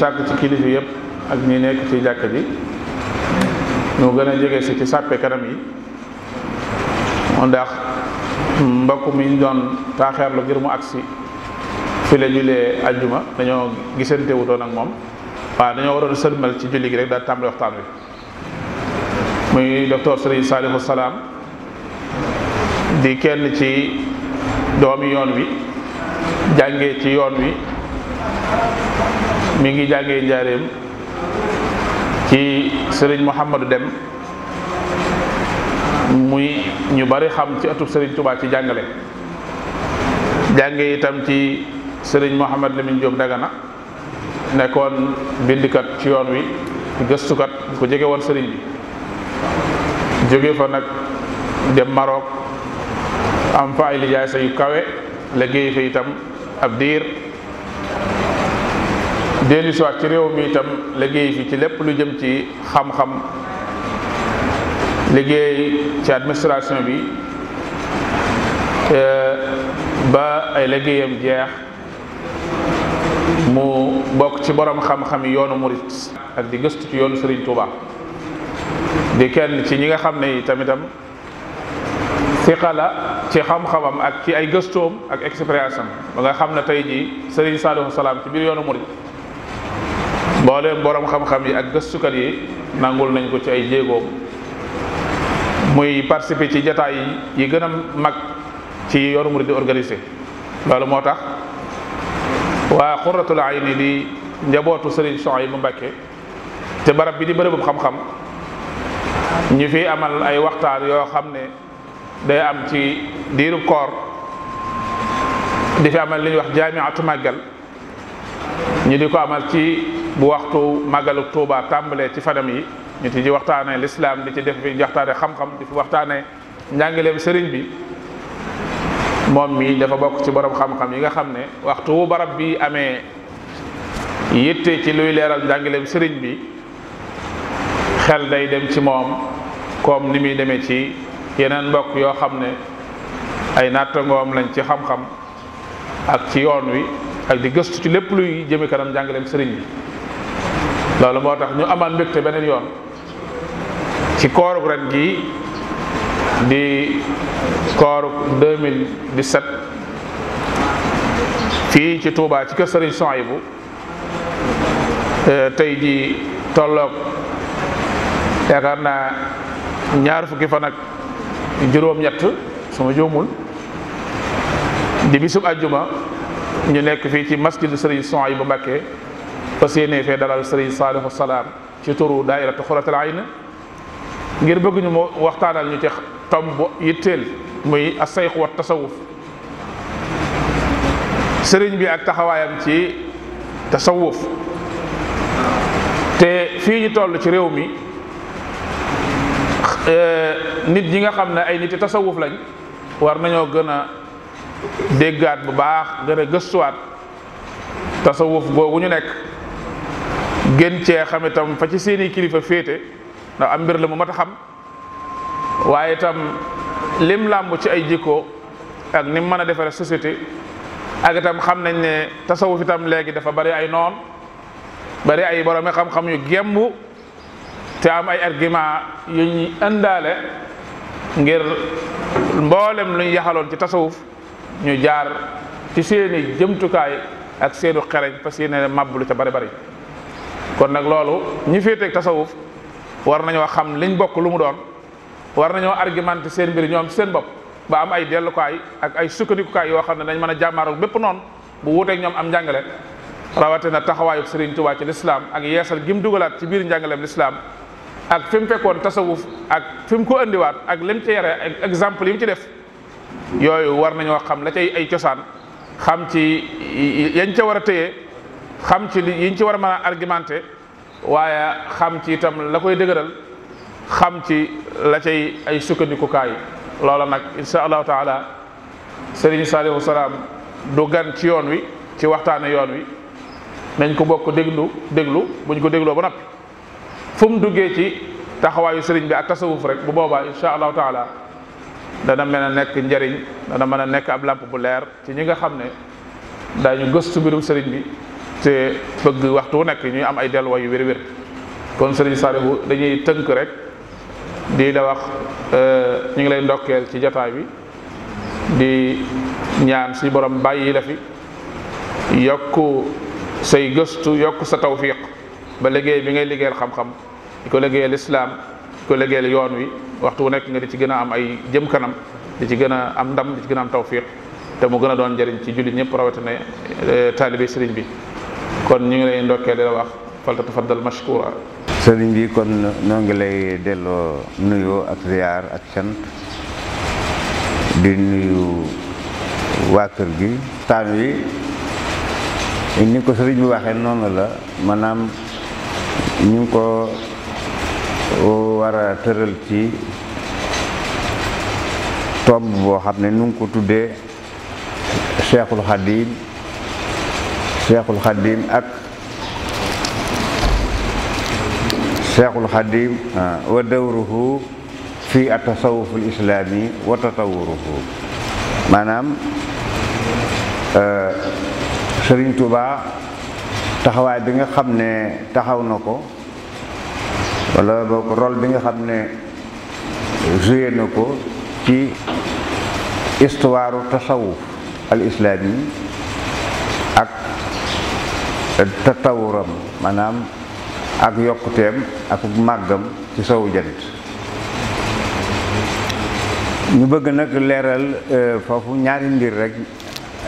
sàkk ci kilifa yëpp ak ñi nekk ci jàkk ji ñu gën a jege si ci sàppe kanam yi ndax mbokk mi ñu doon taaxeerlu ngir mu agsi fi la julee ajjuma dañoo gisante wutoon ak moom waaw dañoo waroon sëlmal ci julli gi rek daal tàmbali waxtaan wi muy docteur Serigne Salihou Salam di kenn ci doomi yoon wi jàngee ci yoon wi mi ngi jàngee njaareem ci sëriñ Mouhamadou Dem muy ñu bari xam ci atub sëriñ Touba ci jàngale jànge itam ci sëriñ Mouhamad Lamine Diop Dagana nekkoon bindikat ci yoon wi gëstukat ko jege woon sëriñ bi jóge fa nag dem Maroc am fa ay lijaasa yu kawe liggéey fa itam ab dellu si waat ci réew mi itam liggéey fi ci lépp lu jëm ci xam-xam liggéey ci administration bi ba ay liggéeyam jeex mu bokk ci borom xam-xam yi yoonu murit ak di gëstu ci yoonu Serigne Touba di kenn ci ñi nga xam ne itam itam siqa ci xam-xamam ak ci ay gëstoom ak expérience am ba nga xam ne tey jii Serigne Saliou salaam ci biir yoonu murit mbooleem borom xam-xam yi ak gëstukat yi nangul nañ ko ci ay jéegoom muy participer ci jataay yi gën a mag ci yoonu murid di organiser loolu moo tax waa xuratul ayni di njabootu sëriñ Souhaïbou Mbacké te barab bi di bërëbub xam-xam ñu fi amal ay waxtaan yoo xam ne day am ci diiru koor di fi amal li ñuy wax jaamiatu màggal ñu di ko amal ci bu waxtu màggalu Tuuba tàmbalee ci fanam yi ñu ci waxtaanee lislaam di ci def fi waxtaane xam di fi waxtaanee njàngaleem sëriñ bi moom mii dafa bokk ci borom xam-xam yi nga xam ne waxtu barab bi amee yitte ci luy leeral njàngaleem sëriñ bi xel day dem ci moom comme ni muy demee ci yeneen mbokk yoo xam ne ay nattangoom lañ ci xam-xam ak ci yoon wi ak di gëstu ci lépp luy jëmi kanam njàngaleem sëriñ bi loolu moo tax ñu amal mbégte beneen yoon ci koorug ren gi di koorug 2017 fii ci tuubaa ci kër sëriñ Souhaïbou euh, tey ji tolloog yaakaar naa ñaar fukki fan ak juróom-ñett su ma joomul di bisub àjjuma ñu nekk fii ci masjidu Serigne Souhaïbou Mbacké fas yéene fee dalal Serigne Saliou Salam ci turu daairatu Xuratul Ayn ngir bëgg ñu mu waxtaanal ñu ci tomb bu yitteel muy asayx wa tasawuf sëriñ bi ak taxawaayam ci tasawuf te fii ñu toll ci réew mi eh, nit ñi nga xam ne ay nit tasawuf lañ war nañoo gën déggaat bu baax gën a gëstuwaat tasawuf googu ñu nekk gën cee xam itam fa ci seeni kilifa féete ndax am mbir la mu mat a xam waaye tam lim làmb ci ay jikko ak ni mu mën a defaree société ak itam xam nañ ne tasawuf itam léegi dafa bari ay noon bari ay boromi xam-xam yu gemb te am ay argument yu ñuy indaale ngir mboolem luñ yaxaloon ci tasawuf ñu jaar ci seeni jëmtukaay ak seenu xereñ parce que ne màbblu ca bari bari kon nag loolu ñi féeteeg tasawuf war nañoo xam liñ bokk lu mu doon war nañoo argumenté seen mbir ñoom seen bopp ba am ay dellukaay ak ay sukkandikukaay yoo xam ne dañ mën a jàmmaaroog bépp noonu bu wuuteeg ñoom am njàngale rawatina taxawaayu Serigne Touba ci lislaam ak yeesal gim dugalaat ci biir njàngaleem lislaam ak fi mu fekkoon tasawuf ak fi mu ko andiwaat ak lim ci yare ak yi mu ci def yooyu war nañoo xam la cay ay cosaan xam ci yañ ca war a téye xam ci li yiñ ci war a mën a argumenté waaye xam ci itam la koy dëgëral xam ci la cay ay sukkandikukaay loola nag insha allahu taala sëriñ Saliou Salaam du gan ci yoon wi ci waxtaane yoon wi nañ ko bokk déglu déglu buñ ko dégloo ba noppi fu duggee ci taxawaayu sëriñ bi ak tasawuf rek bu boobaa insha allahu taala dana mën a nekk njariñ dana mën a nekk ab làmp bu leer ci ñi nga xam ne daañu gëstu mbirum sëriñ bi te bëgg waxtu wu nekk ñuy am ay delluwaay yu wér-wér kon sëriñ Saliou dañuy tënk rek di la wax euh, ñu ngi lay ndokkeel ci jataay bi di ñaan si borom bàyyi la fi yokk say gëstu yokk sa tawfiq ba liggéey bi ngay liggéeyal xam-xam di ko liggéeyal islaam di ko liggéeyal yoon wi waxtu wu nekk da ci gën a am ay jëm kanam di ci gën a am ndam di ci gën a am tawfiq te mu gën a doon njëriñ ci jullit ñëpp rawatina eh, taalibe sëriñ bi kon ñu ngi lay ndokkee di la wax falta tafaddal mashkura bi kon noo ngi lay delloo nuyu ak ziar ak sant di nuyu waa kër gi taan wi ni ko sëriñ bi waxee noonu la maanaam ñu ngi ko war tëral ci tomb boo xam ne nu ko tudde cheikhul xadim cheikhul xadim ak cheikhul xadim ah, wa dawruhu fi atasawuful islaami wa tatawuruhu maanaam ah, sëriñ Tuubaa taxawaay bi nga xam ne taxaw na ko wala boog rôle bi nga xam ne joué na ko ci histoire tasawuf al islaami ak tatawuram maanaam ak yokkuteem ak màggam ci sow jant ñu bëgg nag leeral euh, foofu ñaari mbir rek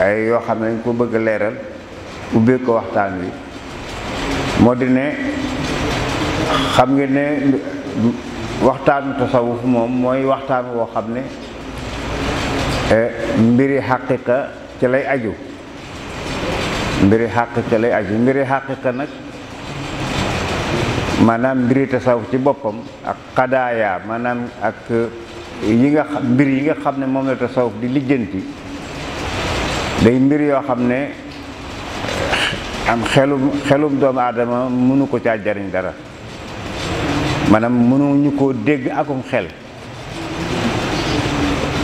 ay yoo xam ne dañ ko bëgg leeral ubbee waxtaan wi moo di ne xam ngeen ne waxtaanu tasawuf moom mooy waxtaan woo xam ne eh, mbiri xaqiqa ci lay aju mbiri xaqiqa lay aju mbiri xaqiqa nag maanaam mbiri tasawuf ci boppam ak xadaaya maanaam ak yi nga mbir yi nga xam ne moom la tasawuf di lijjanti day mbir yoo xam ne am xelum xelum doomu aadama mënu ko caa jariñ dara maanaam mënuñu ko dégg akum xel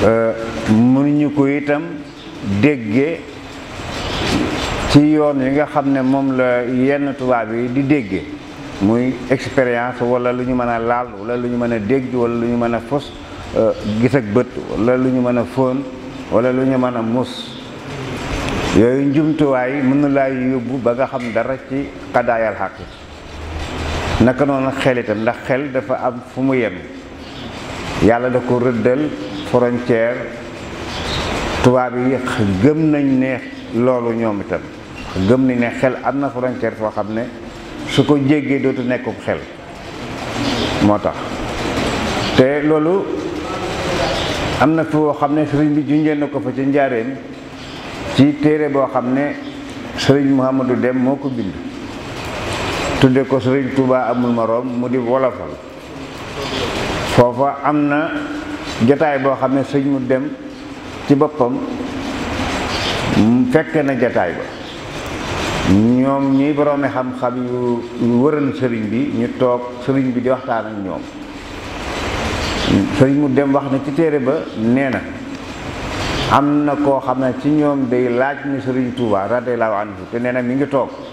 euh, mënuñu ko itam déggee ci yoon yi nga xam ne moom la yenn tubaab yi di déggee muy expérience wala lu ñu mën a laal wala lu ñu mën a dégg wala lu ñu mën a fos euh, gis ak bët wala lu ñu mën a fóon wala lu ñu mën a mus yooyu njumtuwaay mën na laay yóbbu ba nga xam dara ci xadaayal xaq naka noonu xel itam ndax xel dafa am fu mu yem yàlla da ko rëddal frontière tubaab yi gëm nañ ne loolu ñoom itam gëm nañ ne xel am na frontière foo xam ne su ko jéggee dootu nekkum xel moo tax te loolu am na foo xam ne sëriñ bi junjeen na ko fa ci njaareem ci téere boo xam ne sëriñ Muhammadu Dem moo ko bind tudde ko sëriñ Tuubaa amul moroom mu di wolofal foofa am na jataay boo xam ne sëñ mu dem ci boppam fekk na jataay ba ñoom ñiy boroomi xam-xam yu wëran sëriñ bi ñu toog sëriñ bi di waxtaan ak ñoom sëriñ mu dem wax na ci téere ba nee na am na koo xam ne ci ñoom day laaj ni sëriñ Tuubaa radiyallaahu anhu te nee na mi ngi toog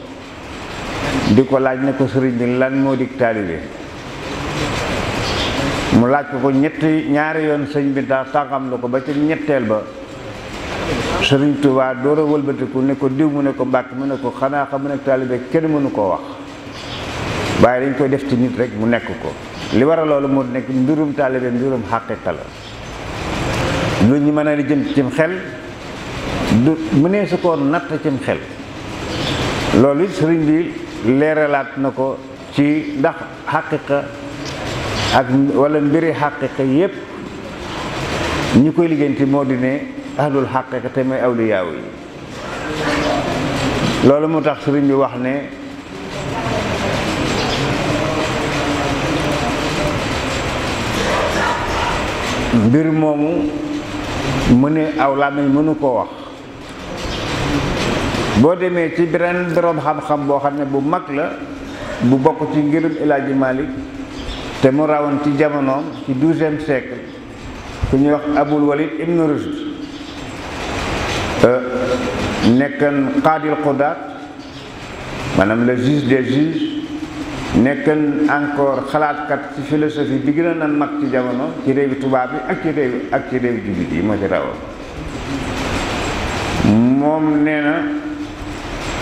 di ko laaj ne ko sëriñ bi lan moo dig taalibe mu laaj ko ko ñetti ñaari yoon sëñ bi tax tànkam la ko ba ca ñetteel ba sëriñ Tuubaa door a wëlbatiku ne ko diw mu ne ko mbàkk mu ne ko xanaa xam mu ne taalibe kenn mënu koo wax waaye dañ koy def ci nit rek mu nekk ko li war a loolu moo nekk mbirum taalibe mbirum xàqiqa la lu ñu mën a jëm cim xel du mënee su koo natt cim xel loolu sëriñ bi leeralaat na ko ci ndax xaqiqa ak wala mbiri xaqiqa yépp ñi koy liggéey liggéeyanti moo di ne ahlul xaqiqa te mooy awliyaaw yi loolu moo tax sëriñ bi wax ne mbir moomu mu ne aw làmmiñ mënu koo wax boo demee ci beneen borom xam-xam boo xam ne bu mag la bu bokk ci ngirum El Hadji Malick te mu rawoon ci jamonoom ci douzième siècle ku ñuy wax Abul Walid Ibn Rushd euh, nekkan qaadil qudaat maanaam le juge des juges nekkan encore xalaatkat ci philosophie bi gën a mag ci jamono ci réewi tubaab bi ak ci réew ak ci réew jullit yi moo ci rawoon moom nee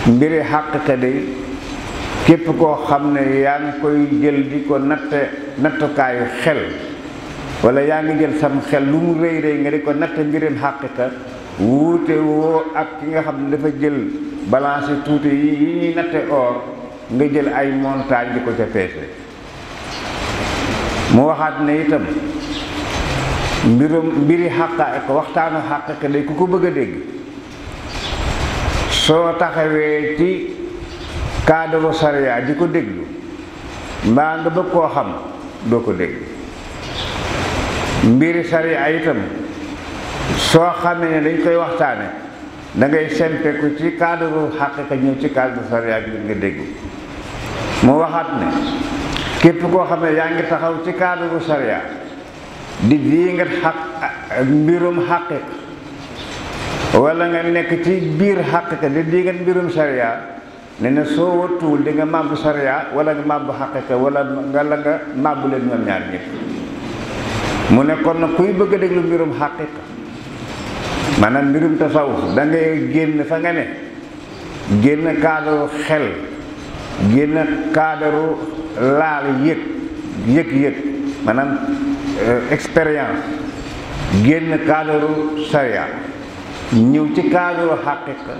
mbiri xàq day képp koo xam ne yaa ngi koy jël di ko natt nattukaayu xel wala yaa ngi jël sam xel lu mu rëy rëy nga di ko natt mbirim xàqiqa wuute woo ak ki nga xam ne dafa jël balance tuuti yi yi ñuy natte or nga jël ay montagne di ko ca peese mu waxaat ne itam mbirum mbiri xàqa ko waxtaanu xàqiqa day ku ko bëgg a dégg soo taxawee ci cadre sariya ji ko déglu mbaa nga bëgg koo xam doo ko dégg mbiri sariya itam soo xamee ne dañ koy waxtaane dangay ngay sempeku ci cadre xaqiqa ñëw ci cadre sariya bi nga déglu mu waxaat ni képp koo xam ne yaa ngi taxaw ci cadre sariya di dii nga xaq mbirum xaqiqa wala nga nekk ci biir xaqiqa di nga mbirum sariya ne ne soo wattuwul di nga màbb sariya wala nga màbb xaqiqa wala nga la nga màbb leen ñoom ñaar ñëpp mu ne kon nag kuy bëgg a déglu mbirum xaqiqa maanaam mbirum tasawuf da ngay génn fa nga ne génn kaadaru xel génn kaadaru laal yëg yëg-yëg maanaam euh, expérience génn kaadaru sariya ñëw ci kaaduru xaqiqa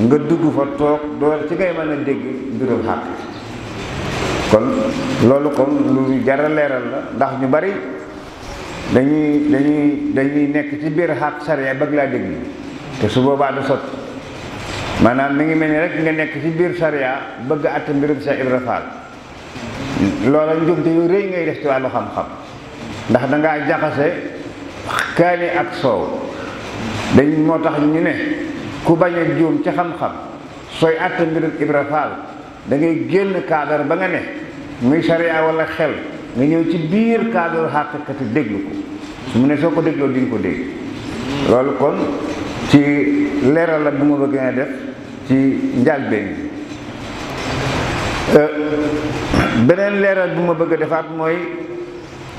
nga dugg fa toog door ci ngay mën a dégg mbirum xaqiqa kon loolu kon lu jara leeral la ndax ñu bari dañuy dañuy dañuy nekk ci biir xaq sariya bëgg laa dégg te su boobaa du sot maanaam mi ngi mel ni rek nga nekk ci biir sariya bëgg att mbirum sa Ibra Faal loola njuumte yu rëy ngay def ci wàllu xam-xam ndax dangaa jaxase kaani ak soow dañ moo tax ñu ne ku bañ a juum ci xam-xam sooy àtte mbirum Ibra Faal da ngay génn kaadar ba nga ne muy sariya wala xel nga ñëw ci biir kaadaru xàqiqati déglu ko su mu ne soo ko dégloo di ko dégg loolu kon ci leeral la bu ma bëgg a def ci njaal bi euh, beneen leeral bu ma bëgg a defaat mooy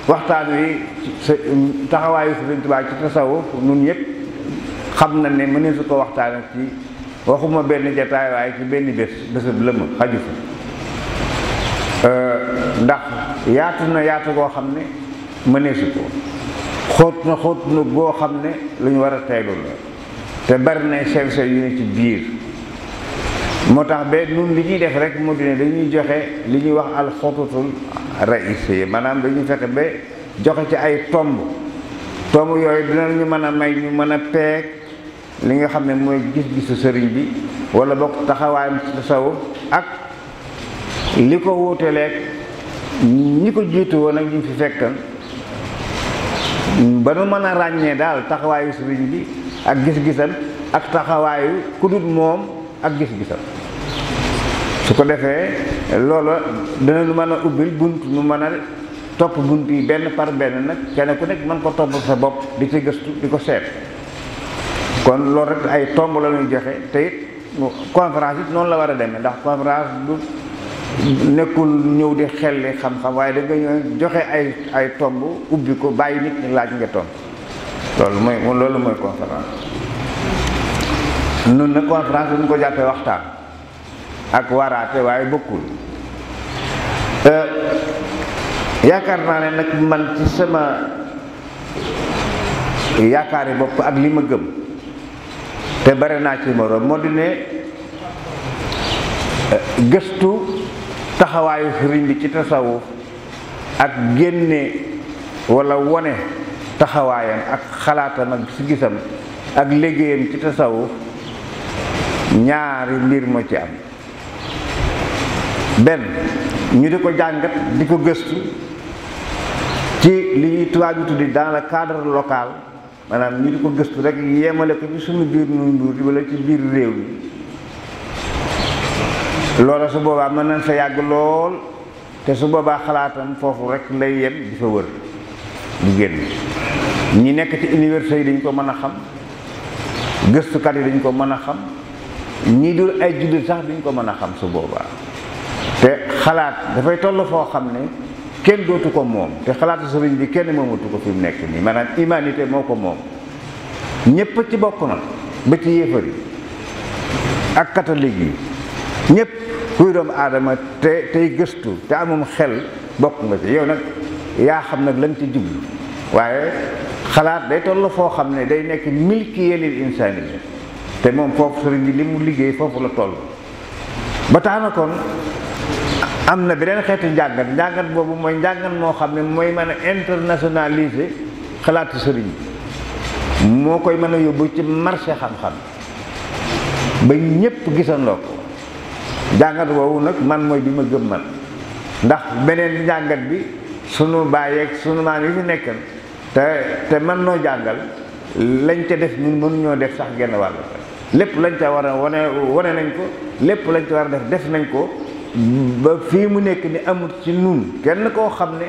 waxtaan wi taxawaayu Sëriñ Tuubaa ci tasawuf nun ñëpp xam na ne mënee ko waxtaanee ci waxuma benn jataay waaye ci benn bés bésu lëmm xaju fa euh, ndax yaatu na yaatu goo xam ne mënee su ko xóot na xóot na goo xam ne lu ñu war a teelu la te bari na sew-sew yu ne ci biir moo tax ba nun li ñuy def rek moo di ne dañuy joxe li ñuy wax alxututul raïs maanaam dañuy fexe ba joxe ci ay tomb tomb yooyu dinañu mën a may ñu mën a peeg li nga xam ne mooy gis-gisu sëriñ bi wala bokk taxawaayam ci tasawuf ak li ko wuuteleeg ñi ko jiitu woon ak ñu fi fekkan ba nu mën a ràññee daal taxawaayu sëriñ bi ak gis gisan ak taxawaayu kudut moom ak gis-gisam su ko defee loola dina nu mën a ubbil bunt nu mën a topp bunt yi benn par benn nag kenn ku nekk mën ko topp sa bopp di ci gëstu di ko seet kon loolu rek ay tomb la ñuy joxe te it conférence it noonu la war a demee ndax conférence du nekkul ñëw di xelli xam-xam waaye da nga joxe ay ay tomb ubbi ko bàyyi nit ñi laaj nga tomb loolu mooy loolu mooy conférence nun na conférence bu ñu ko jàppee waxtaan ak waraate waaye bokkul euh, yaakaar naa ne nag man ci sama yaakaari bopp ak li ma gëm te bare naa ci moroom moo di ne eh, gëstu taxawaayu sëriñ ci tasawuf ak génne wala wone taxawaayam ak xalaatam ak gisam ak liggéeyam ci tasawuf ñaari mbir moo ci am benn ñu di ko jàngat di ko gëstu ci li tubaab yu tuddi dans le cadre local maanaam ñu di ko gëstu rek yemale ko ci suñu biir nu nduur wala ci biir réew mi loola su boobaa mën nañ fa yàgg lool te su boobaa xalaatam foofu rekk lay yem di fa wër di génn ñi nekk ci université yi dañ ko mën a xam gëstukat yi dañ ko mën a xam ñii dul ay jullit sax duñ ko mën a xam su boobaa te xalaat dafay toll foo xam ne kenn dootu ko moom te xalaatu sëriñ bi kenn moomatu ko fi mu nekk nii maanaam humanité moo ko moom ñépp ci bokk na ba ci yéefar yi ak catholique yi ñépp kuy doomu aadama te tey gëstu te amum xel bokk nga ci yow nag yaa xam nag lañ ci jublu waaye xalaat day toll foo xam ne day nekk milki yelil insaani te moom foofu sëriñ bi li mu liggéey foofu la toll ba tax na kon am na beneen xeetu njàngat njàngat boobu mooy njàngat moo xam ne mooy mën a internationaliser xalaatu sëriñ moo koy mën a yóbbu ci marché xam-xam ba ñépp gisandoo ko njàngat boobu nag man mooy bi ma gëm man ndax beneen njàngat bi sunu bàyyi ak sunu maam yi fi nekkan te te man noo jàngal lañ ca def ñun mënu def sax genn wàll lépp lañ ca war a wane wane nañ ko lépp lañ ca war a def def nañ ko ba fii mu nekk ni amul ci nun kenn koo xam ne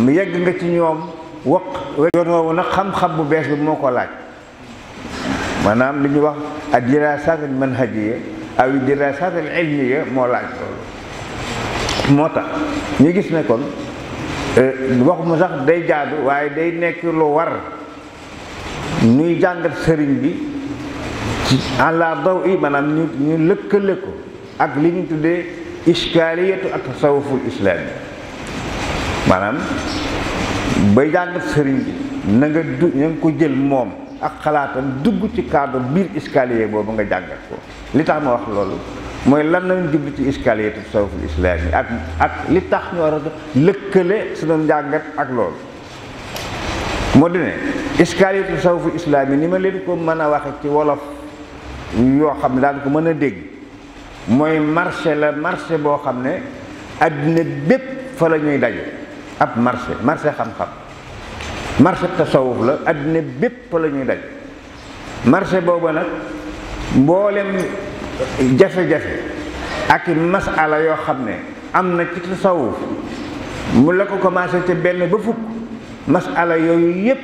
mu yegg nga ci ñoom wax yoon woowu nag xam-xam bu bees bi moo ko laaj maanaam li ñu wax ak dirasat al manhajiya aw dirasat al ilmiya moo laaj loolu moo tax ñu gis ne euh, wax mu sax day jaadu waaye day nekk lu war ñuy jàngat sëriñ bi ci àla daw i maanaam ñu ñu lëkkale ko ak li ñu tuddee iskaaliyatu ak tasawuful islaam yi maanaam ba jàngat sëriñ bi na nga du na ko jël moom ak xalaatam dugg ci cadre biir iskaaliye boobu nga jàngat ko li tax ma wax loolu mooy lan lañ jublu ci iskaaliyatu tasawuful islaam yi ak ak li tax ñu war a lëkkale sunu njàngat ak loolu moo di ne iskaaliyatu tasawuful islaam yi ni ma leen ko mën a waxe ci wolof yoo xam ne daan ko mën a dégg mooy marché la marché boo xam ne àddina bépp fa la ñuy daje ab marché marché xam-xam marché tasawuf la àddina bépp fa la ñuy daje marché boobu nag mboolem jafe-jafe ak masala yoo xam ne am na ci tasawuf mu la ko commencé ci benn ba fukk masala yooyu yépp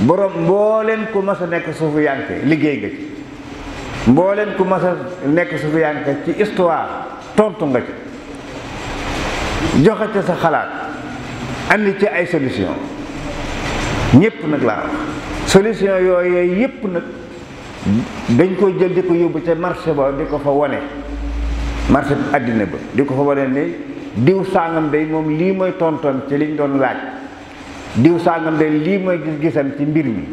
borom mbooleen ku mas a nekk suufu yànke liggéey nga ci mbooleen ku mas nekk nekk sufiyanke ci histoire tontu nga ci joxe ca sa xalaat andi ci ay solution ñépp nag laa wax solution yooyee yépp nag dañ ko jël di ko yóbbu ca marché ba di ko fa wane marché àddina ba di ko fa wane ne diw sàngam day moom lii mooy tontoon ci liñ doon laaj diw sàngam day lii mooy gis-gisam ci mbir mi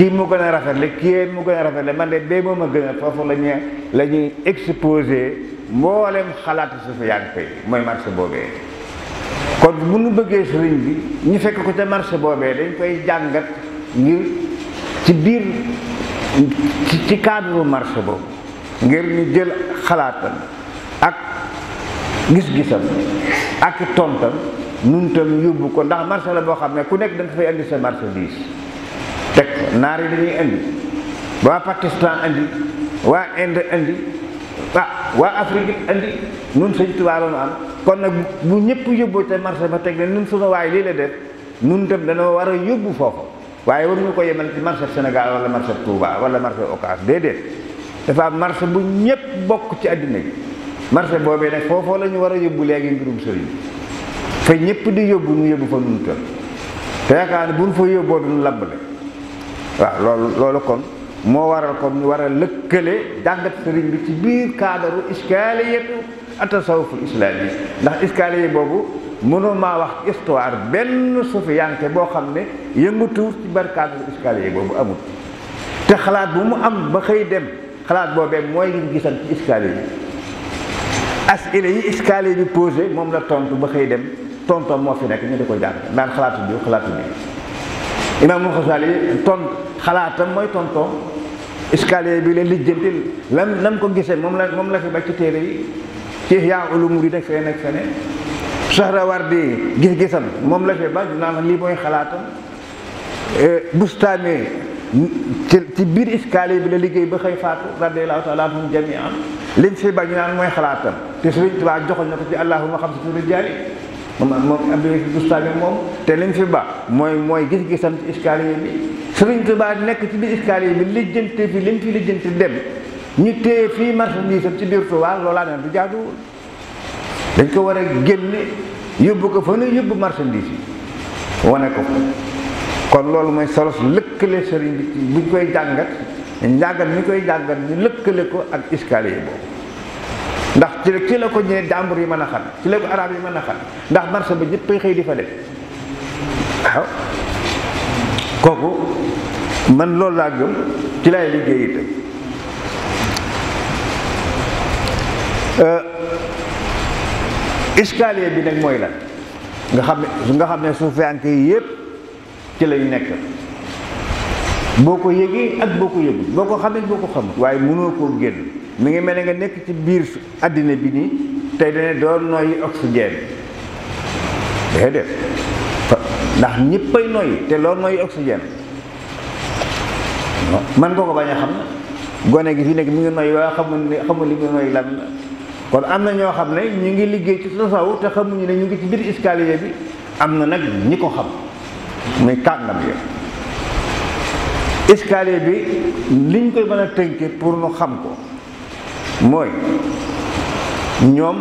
kii mu gën a rafet rafetle kii mu gën a rafetle man de bee moom a gën a foofu la ñuy la ñuy exposé mboolem xalaatu sufiyaan mooy marché boobee kon bu nu bëggee sëriñ bi ñu fekk ko ca marché boobee dañ koy jàngat ngir ci biir ci marché boobu ngir ñu jël xalaatam ak gis-gisam ak tontam nun tam yóbbu ko ndax marché la boo xam ne ku nekk da nga fay andi sa marchandise naar yi dañuy andi waa Pakistan indi waa Inde andi ah waa Afrique andi nun sëñ Tuubaa loonu am kon nag bu ñëpp yóbboo ca marché ba teg ne nun sunu waay lii la def nun tam danoo war a yóbbu foofu waaye waruñu ko yemal ci marché Sénégal wala marché Touba wala marché Ocass déedéet dafa am marché bu ñëpp bokk ci àddina bi marché boobee nag foofoo la ñu war a yóbbu léegi mbirum sëriñ fa ñëpp di yóbbu nu yóbbu fa nun tam te yaakaar ne buñ fa yóbboo duñ waaw loolu loolu kon moo waral kon ñu waral a lëkkale jàngat sëriñ bi ci biir cadre iskaaliyatu atasawuful islaami ndax iskaaliya boobu mënumaa wax histoire benn sufiyanke boo xam ne yëngatuwut ci biir cadre iskaaliya boobu amul te xalaat bu mu am ba xëy dem xalaat boobee mooy gis gisan ci iskaaliya bi asile yi iskaaliya yi posé moom la tontu ba xëy dem tontom moo fi nekk ñu di ko jàng naan xalaatu bi xalaatu bi imaamul Xasaali ton xalaatam mooy tontoom escalier bi la lijjanti lan nan ko gisee moom la moom la fi ba ci téere yi ci yaa ulum murid ak feneen ak feneen Sahrawardi gis-gisam moom la fi ba naan mooy xalaatam eh, Bustaami ci ci biir escalier bi la liggéey ba xëy faatu radiyallahu taala anhum jamian fi ba ñu naan mooy xalaatam te Sëriñ Tuubaa joxoñ na ko ci allahuma xam si tu rijaali moom moom am moom te lañ fi ba mooy mooy gis-gisam ci escalier bi Sëriñ Tuubaa nekk ci biir escalier bi lijjante fi lim fi lijjante dem ñu téye fii marchandise ci biir Tuubaa loolaa ne du jaaduwul dañ ko war a génne yóbbu ko fa nu yóbbu marchandise yi wane ko kon loolu mooy solos lëkkale sëriñ bi buñ koy jàngat njàngat mi koy jàngat ñu lëkkale ko ak escalier boobu. ci la ko ñëwee jàmbur yi mën a xam ci la ko arab yi mën a xam ndax marché ba ñëppay xëy di fa def waaw kooku man loolu laa gëm ci laay liggéey itam euh, bi nag mooy la nga xam ne nga xam ne suufiyanke yi yëpp ci lañ nekk boo ko yëgee ak boo ko yëgul boo ko xamee boo ko xamul waaye mënoo koo génn mi ngi mel ne nga nekk ci biir àddina bi nii tey dane doo noyyi oxygène def ndax ñëppay nooy te loo noyyi oxygène man nga ko bañ a xam na gone gi fi nekk mu ngi noyyi waaye xamul ne xamul li nga noyyi lan la kon am na ñoo xam ne ñu ngi liggéey ci tasaw te xamuñu ne ñu ngi ci biir escalier bi am na nag ñi ko xam muy kàngam yo escalier bi liñ koy mën a tënke pour nu xam ko mooy ñoom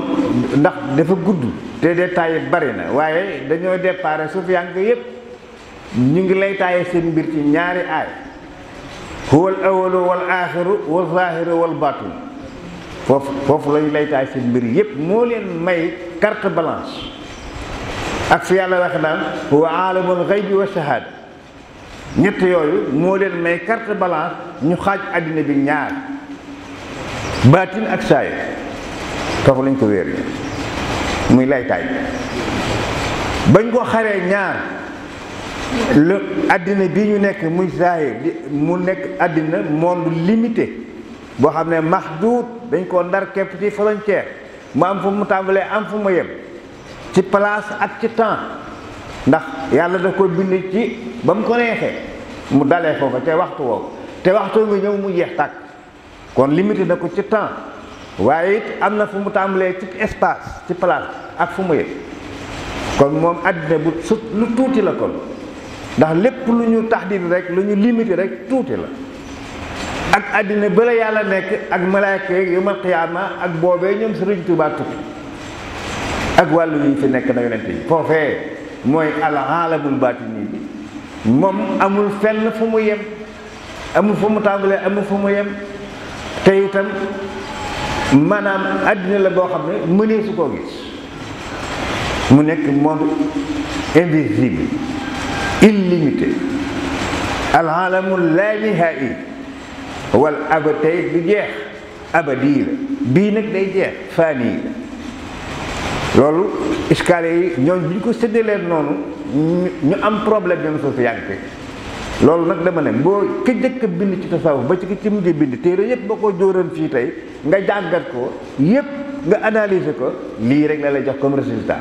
ndax dafa gudd te détails yi bari na waaye dañoo déparé sufiyank yépp ñu ngi lay taaye seen mbir ci ñaari aay huwal awalu wal aaxiru wal zaahiru wal batin foofu foofu lañu lay taay seen mbir yépp moo leen may carte blanche ak fi yàlla waxe naan huwa aalamul xaybi wa shahaada ñett yooyu moo leen may kart blanche ñu xaaj àddina bi ñaar baatin ak saay foofu lañ ko wéer yi muy laytaay bañ koo xaree ñaar la àddina bi ñu nekk muy saahir di mu nekk àddina monde limité boo xam ne maxduut dañ koo ndar képp ci frontière mu am fu mu tàmbalee am fu mu yem ci place ak ci temps ndax yàlla da ko bind ci ba mu ko neexee mu dalee foofa te waxtu woowu te waxtu nga ñëw mu jeex tàkk kon limité na ko ci temps waaye it am na fu mu tàmbalee ci espace ci place ak fu mu yëg kon moom àddina bu su lu tuuti la kon ndax lépp lu ñu taxdir rek lu ñu limité rek tuuti la ak àddina bala yàlla nekk ak malaayka yeeg yomal xiyaama ak boobee ñoom Sëriñ Tuubaa tukki ak wàll yi fi nekk na yonent yi foofee mooy alaalamul baatini bi moom amul fenn fu mu yem amul fu mu tàmbalee amul fu mu yem te itam maanaam àddina la boo xam ne mënee su koo gis mu nekk moom invisible illimité alalamu la nihai wal aba tey du jeex abadii la bii nag day jeex faani la loolu iskaale yi ñoom bi ñu ko leen noonu ñu am problème ñoom bi loolu nag dama ne boo ki njëkk bind ci tasawuf ba ci ki ci mujj bind téere yëpp ba ko jóoran fii tey nga jàngat ko yëpp nga analise ko lii rek la lay jox comme résultat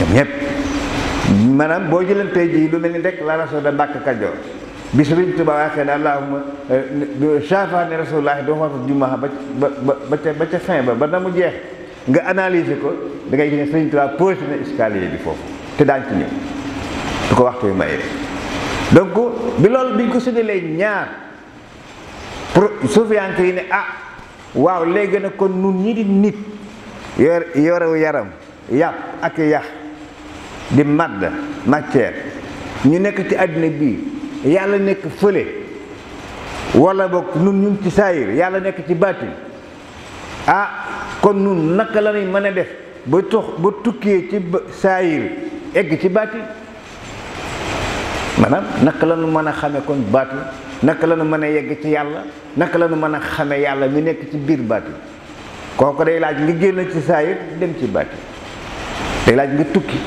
ñoom ñëpp maanaam boo jëleen tey jii lu mel ni déclaration de Mbàkke Kajoor bi Sëriñ Tuba waxee ne allahumma eh, shafaani rasulullah doo xootu jumaa ba ba ca ba ca fin ba ba na mu jeex nga analise ko da ngay gis ne na escalier bi foofu te daan ci ñëw su ko waxtu yu mayee donc bi loolu biñ ko séddalee ñaar pour suufiyanke yi ne ah waaw léegi nag kon nun ñi di nit yor yorew yaram yàpp ak yax di madd matière ñu nekk ci àddina bii yàlla nekk fële wala boog nun ñu ci saayir yàlla nekk ci baatin ah kon nun naka la ñuy mën a def ba tox ba tukkee ci saayir egg ci baatin maanaam naka la ñu mën a xamee kon baatu naka la mën a yegg ci yàlla naka la mën a xamee yàlla mi nekk ci biir baatu kooku day laaj ngi génn ci saa yëpp dem ci baatu day laaj nga tukki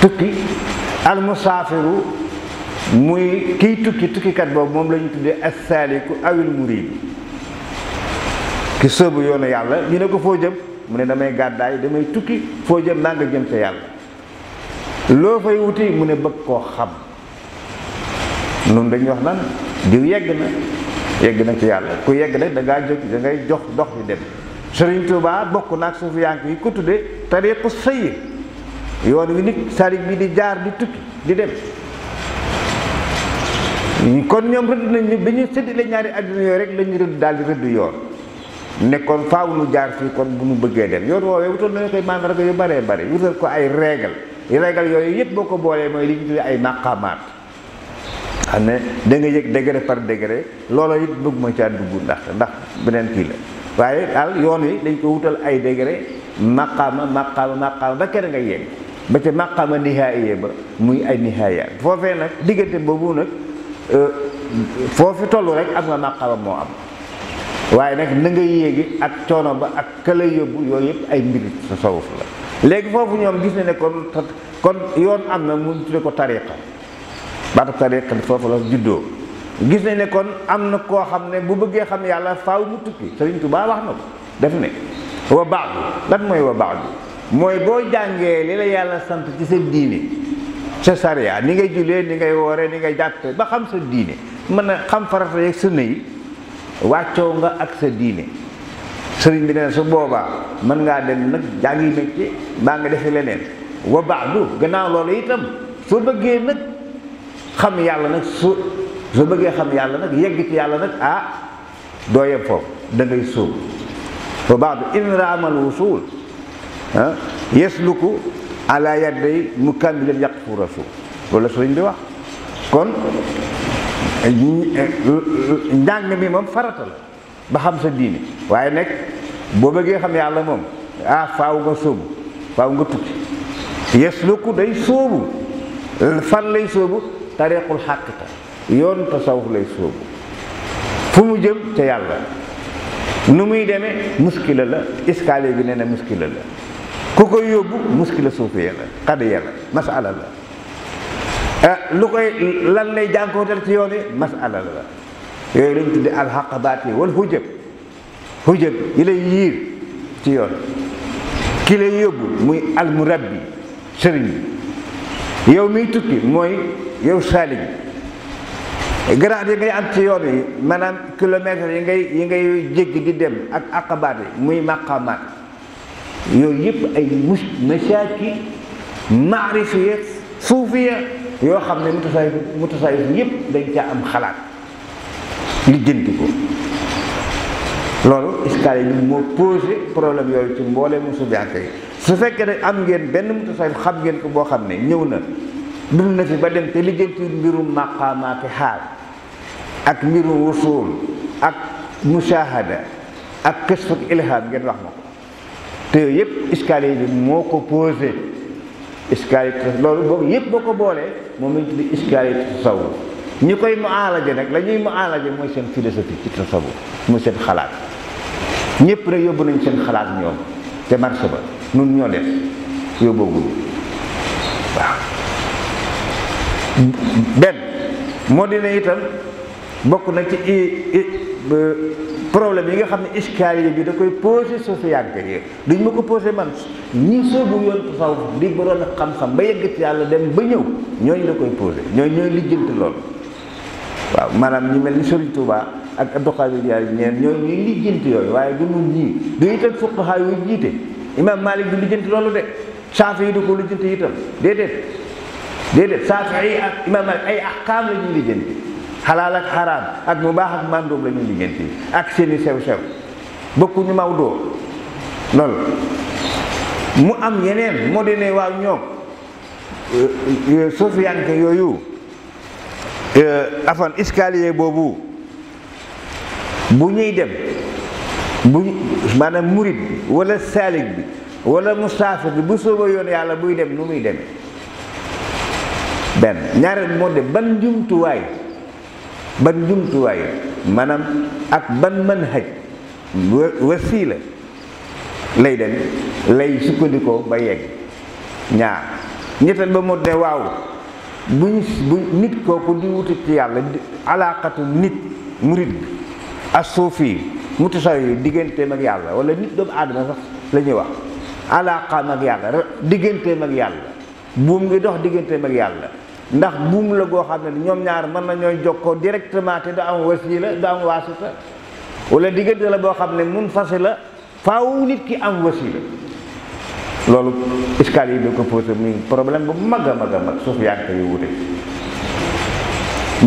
tukki almusaafiru muy kiy tukki tukkikat boobu moom la ñu tuddee assaaliku awil murid ki soobu yoonu yàlla ñu ne ko foo jëm mu ne damay gàddaay damay tukki foo jëm naa nga jëm ca yàlla loo fay wuti mu ne bëgg koo xam noonu dañuy wax naan diw yegg na yegg na ci yàlla ku yegg rek da jóg da ngay jox dox yi dem Sëriñ Tuubaa bokk naag suufi yànk yi ko tuddee tariiqu sayir yoon wi nit sarik bi di jaar di tukki di dem kon ñoom rëdd nañ ni bi ñu séddale ñaari àddina yooyu rek la ñu rëdd daal di rëdd yoon nekkoon kon faaw nu jaar fii kon bu mu bëggee dem yoon woowee wutal nañu koy maandarga yu baree bare wutal ko ay règle ragal yooyu yëpp boo ko boolee mooy li ñu tuddee ay maqaamaat xam ne danga nga yëg degré par degré loola it bëgg ma caa dugg ndax ndax beneen kii la waaye daal yoon wi dañ ko wutal ay degré maqaama maqaama maqaama ba kere nga yegg ba ci maqaama nihaaya ba muy ay nihaayaat foofee nag diggante boobu nag euh, foofu toll rek am nga maqaama moo am waaye nag na nga yéegi ak coono ba ak këla yóbbu yooyu yëpp ay mbir tasawuf la léegi foofu ñoom gis na ne kon kon yoon am na mu tudde ko tariqa baatu tariqa foofu la juddoo gis nañ ne kon am na koo xam ne bu bëggee xam yàlla faaw mu tukki Sëriñ Tuubaa wax na ko def ne wa bi lan mooy wa baax bi mooy boo jàngee li la yàlla sant ci sa diine sa sariya ni ngay julee ni ngay wooree ni ngay jàppe ba xam sa diine mën a xam farata yeeg sunna yi wàccoo nga ak sa diine sëriñ bi ne su boobaa mën ngaa dem nag jàngi métier baa nga defe leneen wa baadu gannaaw loolu itam soo bëggee nag xam yàlla nag su soo bëggee xam yàlla nag yegg ci yàlla nag ah doo yem foofu da ngay suub wa baadu in raamal wusuul ah yesluku ala yadday mukammilan yaqfu rasul loolu sëriñ bi wax kon eh, njàng mi moom farata la ba xam sa diine waaye nag boo bëggee xam yàlla moom ah faaw nga sóobu faaw nga tukki yasluku day sóobu fan lay sóobu tariqul xàqta yoon tasawuf lay sóobu fu mu jëm ca yàlla nu muy demee muskila la escalier bi nee na muskila la ku koy yóbbu muskila suufiya la qadiya la masala la ah, lu koy lan lay jànkooteel ci yoon yi masala la yooyu lañ tudde alxaqabaat yi wal hujab hujja bi yi lay yiir ci yoon ki lay yóbbu muy almurabbi sëriñ bi yow miy tukki mooy yow saali bi garaat yi ngay am ci yoon yi maanaam kilomètres yi ngay yi ngay jéggi di dem ak aqabaat yi muy maqamaat yooyu yëpp ay mus masaaki maarifiya suufiya yoo xam ne mutasawif mutasawif yëpp dañ caa am xalaat lijjanti ko loolu iskaal yi moo posé problème yooyu ci mboole mu musubiyaat yi su fekkee ne am ngeen benn mutasawif xam ngeen ko boo xam ne ñëw na dund na fi ba dem te lijjanti mbirum maqaamaati xaal ak mbirum wusuul ak mushahada ak kësfak ilham ngeen wax ma ko te yooyu yëpp iskaal bi moo ko posé iskaal yi loolu boobu yëpp boo ko boolee moom lañ tuddi iskaal yi tasawuf ñi koy mu alaja nag la ñuy mu alaja mooy seen philosophie ci tasawuf mooy seen xalaat ñëpp rek yóbbu nañ seen xalaat ñoom te marché ba nun ñoo def yóbbooguñu waaw benn moo di ne itam bokk na ci problème yi nga xam ne iskaliye bi da koy posé société yi duñ ma ko posé man ñi soobu yoon tasaw di borom xam-xam ba yegg ci yàlla dem ba ñëw ñooñu da koy posé ñooñu ñooy lijjanti lool waaw maanaam ñu mel ni Sëriñ Tuubaa ak ad-Qaadiriya ñeen ñoo ñuy lijjanti yooyu waaye du nun ñii du itam fuqaha yu jiite imam Malik du lijjanti loolu de Saafi yi du ko lijjanti itam déedéet déedéet Saafi yi ak imam Malik ay ahkaam la ñuy lijjanti xalaal ak xaraam ak mu baax ak mandoom la ñuy lijjanti ak seeni sew-sew bokkuñu mawdoo loolu mu am yeneen moo di ne waaw ñoom euh, euh, sofiyanke yooyu euh, afan escalier boobu bu ñuy dem bu maanaam murit bi walla saalik bi wala musaafir bi bu sooba yoon yàlla buy dem nu muy demee benn ñaareel moo de ban njumtuwaay ban njumtuwaay maanaam ak ban manhaj wasiila lay dem lay sukkandikoo ba yegg ñaar ñetteel ba moo de waaw bu nit kooku di wuti ci yàlla alaaqatu nit murit bi as-suufi mutasawwi digganteem ak yàlla wala nit doomu aadama sax la ñuy wax alaaqaam ak yàlla digganteem ak yàlla buum ngi dox digganteem ak yàlla ndax buum la goo xam ne ñoom ñaar mën nañoo jokkoo directement te du am wasila du am waasita wala diggante la boo xam ne mun fase la faaw nit ki am wasila loolu iskal yi bi ko posé muy problème bu mag a mag a mag suuf yaa ngi koy wute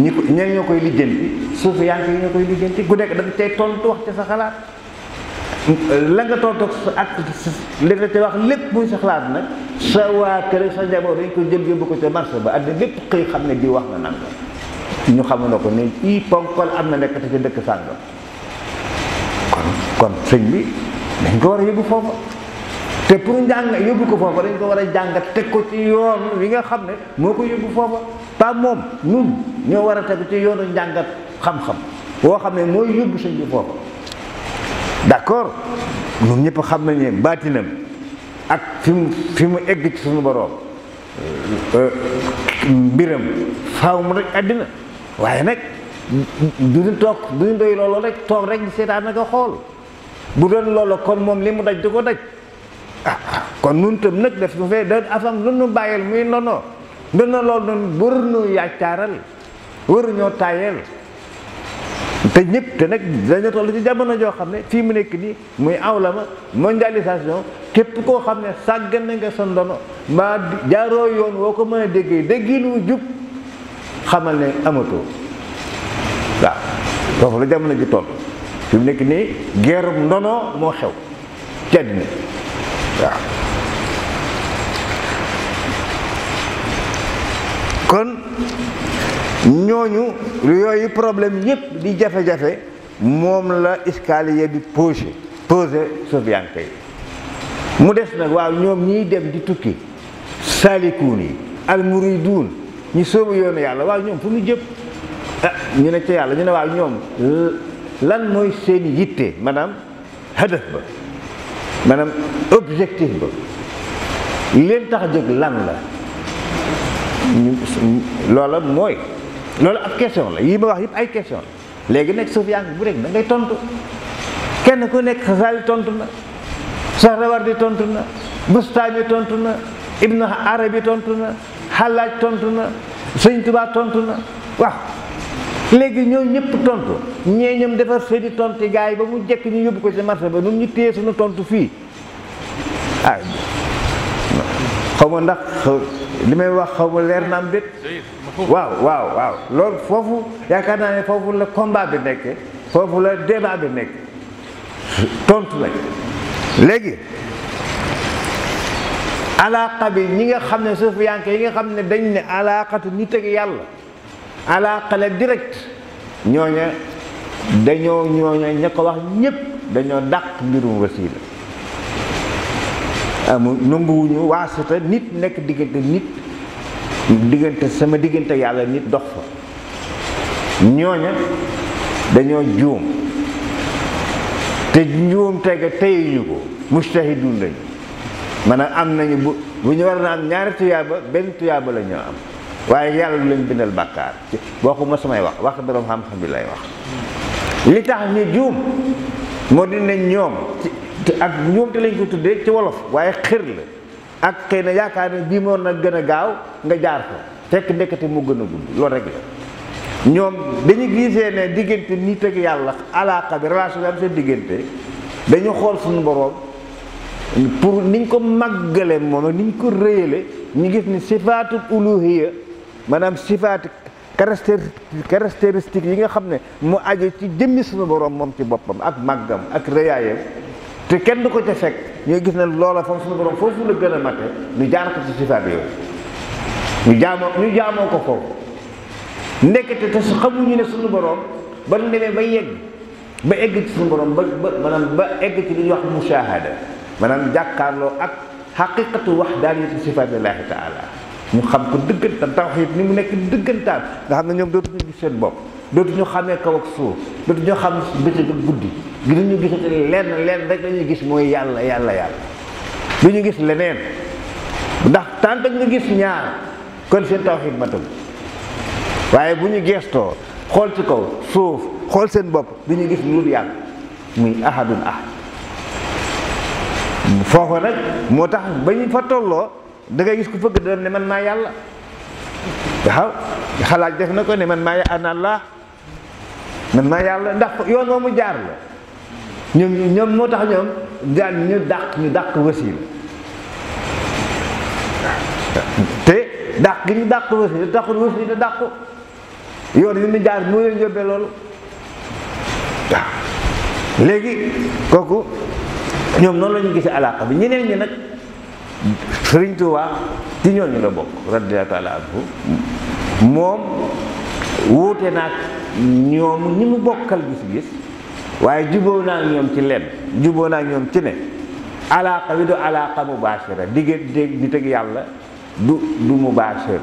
ñi ko ñenn ñoo koy lijjanti suufiyanke yi ñoo koy lijjanti ku nekk da nga cay tontu wax ca sa xalaat la nga tontu ak li nga ca wax lépp muy sa xalaat nag sa waa kër sa njaboot dañ ko jël yóbbu ko ca marché ba àddina lépp xëy xam ne di wax na nanga ñu xamu na ko ne i ponkol am na nekk te ca dëkk sàngam kon kon sëñ bi dañ ko war a yóbbu foofa te pour njàng yóbbu ko foofa dañ ko war a jàngat teg ko ci yoon yi nga xam ne moo ko yóbbu foofa pas moom nun ñoo war a tegu ci yoonu njàngat xam-xam boo xam ne mooy yóbbu sëñ bi foofu d'accord ñun ñëpp xam nañ ne baatinam ak fi mu fi mu egg ci suñu boroom euh, euh, mbiram faaw mu rek àddina waaye nag duñu toog duñu doy loolu rek toog rek seetaan na ko xool bu doon loolu kon moom li mu daj du ko daj ah, ah kon nun tam nag def su fee doon afam lu nu bàyyil muy nonoo dana loolu noonu wër ñoo yaacaaral wër ñoo taayeel te ñëpp te nag dañu toll ci jamono joo xam ne fii mu nekk nii muy awlama mondialisation képp koo xam ne sàggan na nga sa ndono mbaa jaaroo yoon woo ko mën a déggee déggin wu jub xamal ne amatoo waaw foofu la jamono ji toll fi mu nekk nii geerum ndono moo xew ci àddina waaw ñooñu yooyu problème yépp di jafe-jafe moom la escalier bi posé posé sofiyanke yi mu des nag waaw ñoom ñiy dem di tukki saalikuun yi almuriduun ñi sóobu yoonu yàlla waaw ñoom fu ñu jëpp ah ñu ne ca yàlla ñu ne waaw ñoom lan mooy seen yitte maanaam hadaf ba maanaam objectif ba leen tax a jóg lan la loola mooy loolu ab question la yii ma wax yëpp ay question la léegi nekk Sufyaan bu rek da tontu kenn ku nekk Xasaali tontu na Sahrawardi tontu na Bustaami tontu na Ibnu Arabi tontu na Xalaaj tontu na Sëñ Tuubaa tontu na waaw léegi ñoom ñëpp tontu ñee ñoom defar seeni tontu gars yi ba mu jekk ñu yóbbu ko ci marché ba ñun ñu téye suñu tontu fii ah xaw ma ndax. li may wax xaw ma leer na am waaw waaw waaw loolu foofu yaakaar naa ne foofu la combat bi nekkee foofu la débat bi nekk tontu lañ léegi alaaqa bi ñi nga xam ne suuf yanke yi nga xam ne dañ ne alaaqatu nit ak yàlla alaaqa la direct ñooña dañoo ñooña ña ko wax ñépp dañoo dàq mbirum wasiila amul nanguwuñu waasita nit nekk diggante nit diggante sama diggante yàlla nit dox fa ñooña dañoo juum te njuum tega teyuñu ko mustahidun lañu maanaam am nañu bu bu ñu war na am ñaari tuyaaba benn tuyaaba la am waaye yàlla du leen bindal bàkkaar waxuma samay wax wax boroom xam-xam bi lay wax li tax ñu juum moo di ñoom ak ñoom njuumte lañ ko tuddee ci wolof waaye xir la ak xëy na yaakaar ne bii moon na gën a gaaw nga jaar ko fekk ndekete mu gën a gudd loolu rek la ñoom dañu gisee ne diggante nit ak yàlla alaaka bi relation bi am seen diggante dañu xool suñu boroom pour niñ ko màggale moom niñ ko rëyale ñu gis ni sifaatu uluhiya maanaam sifaatu caractéristique yi nga xam ne mu aju ci jëmmi suñu boroom moom ci boppam ak màggam ak rëyaayam te kenn du ko ca fekk ñooy gis ne loola fam suñu borom foofu la gën a mate ñu jaar ko ci sifaat yooyu ñu jaamoo ñu jaamoo ko foofu ndekete te su xamuñu ne suñu borom ba ñu demee ba yegg ba egg ci suñu borom ba ba maanaam ba egg ci li ñuy wax mushahada maanaam jàkkaarloo ak wax xaqiqatu wahdaniyati sifaatillahi taala ñu xam ko dëggantaan tawxiid ni mu nekk dëggantaan nga xam ne ñoom dootuñu gis seen bopp ñu xamee kaw ak suuf dootuñu xam bëccëg guddi gi ñu gisati lenn lenn rek lañuy gis mooy yàlla yàlla yàlla bu ñu gis leneen ndax tant nga gis ñaar kon seen tawxiid matul waaye bu ñu gestoo xool ci kaw suuf xool seen bopp du ñu gis lu yàlla muy ahadun ahad foofa nag moo tax ba ñu fa tolloo dangay gis ku fëgg dana ne man maa yàlla waaw xalaat def na ko ne man maa ana allah man yàlla ndax yoon moomu jaar la ñoom ñoom moo tax ñoom daan ñu dàq ñu dàq wasiila te dàq gi ñu dàq wasiila taxul wasiila dàqu yoon yi ñu jaar moo leen yóbbee loolu léegi kooku ñoom noonu lañu ñu gisee alaaka bi ñeneen ñi nag Sëriñ Tuubaa ci ñooñu la bokk radiyallaahu taala anhu moom naa naag ñoom ñi mu bokkal gis-gis waaye juboo naa ak ñoom ci lenn juboo naa ak ñoom ci ne alaaqa bi du alaaqa mubaashira diggante nit ak yàlla du du mubaashir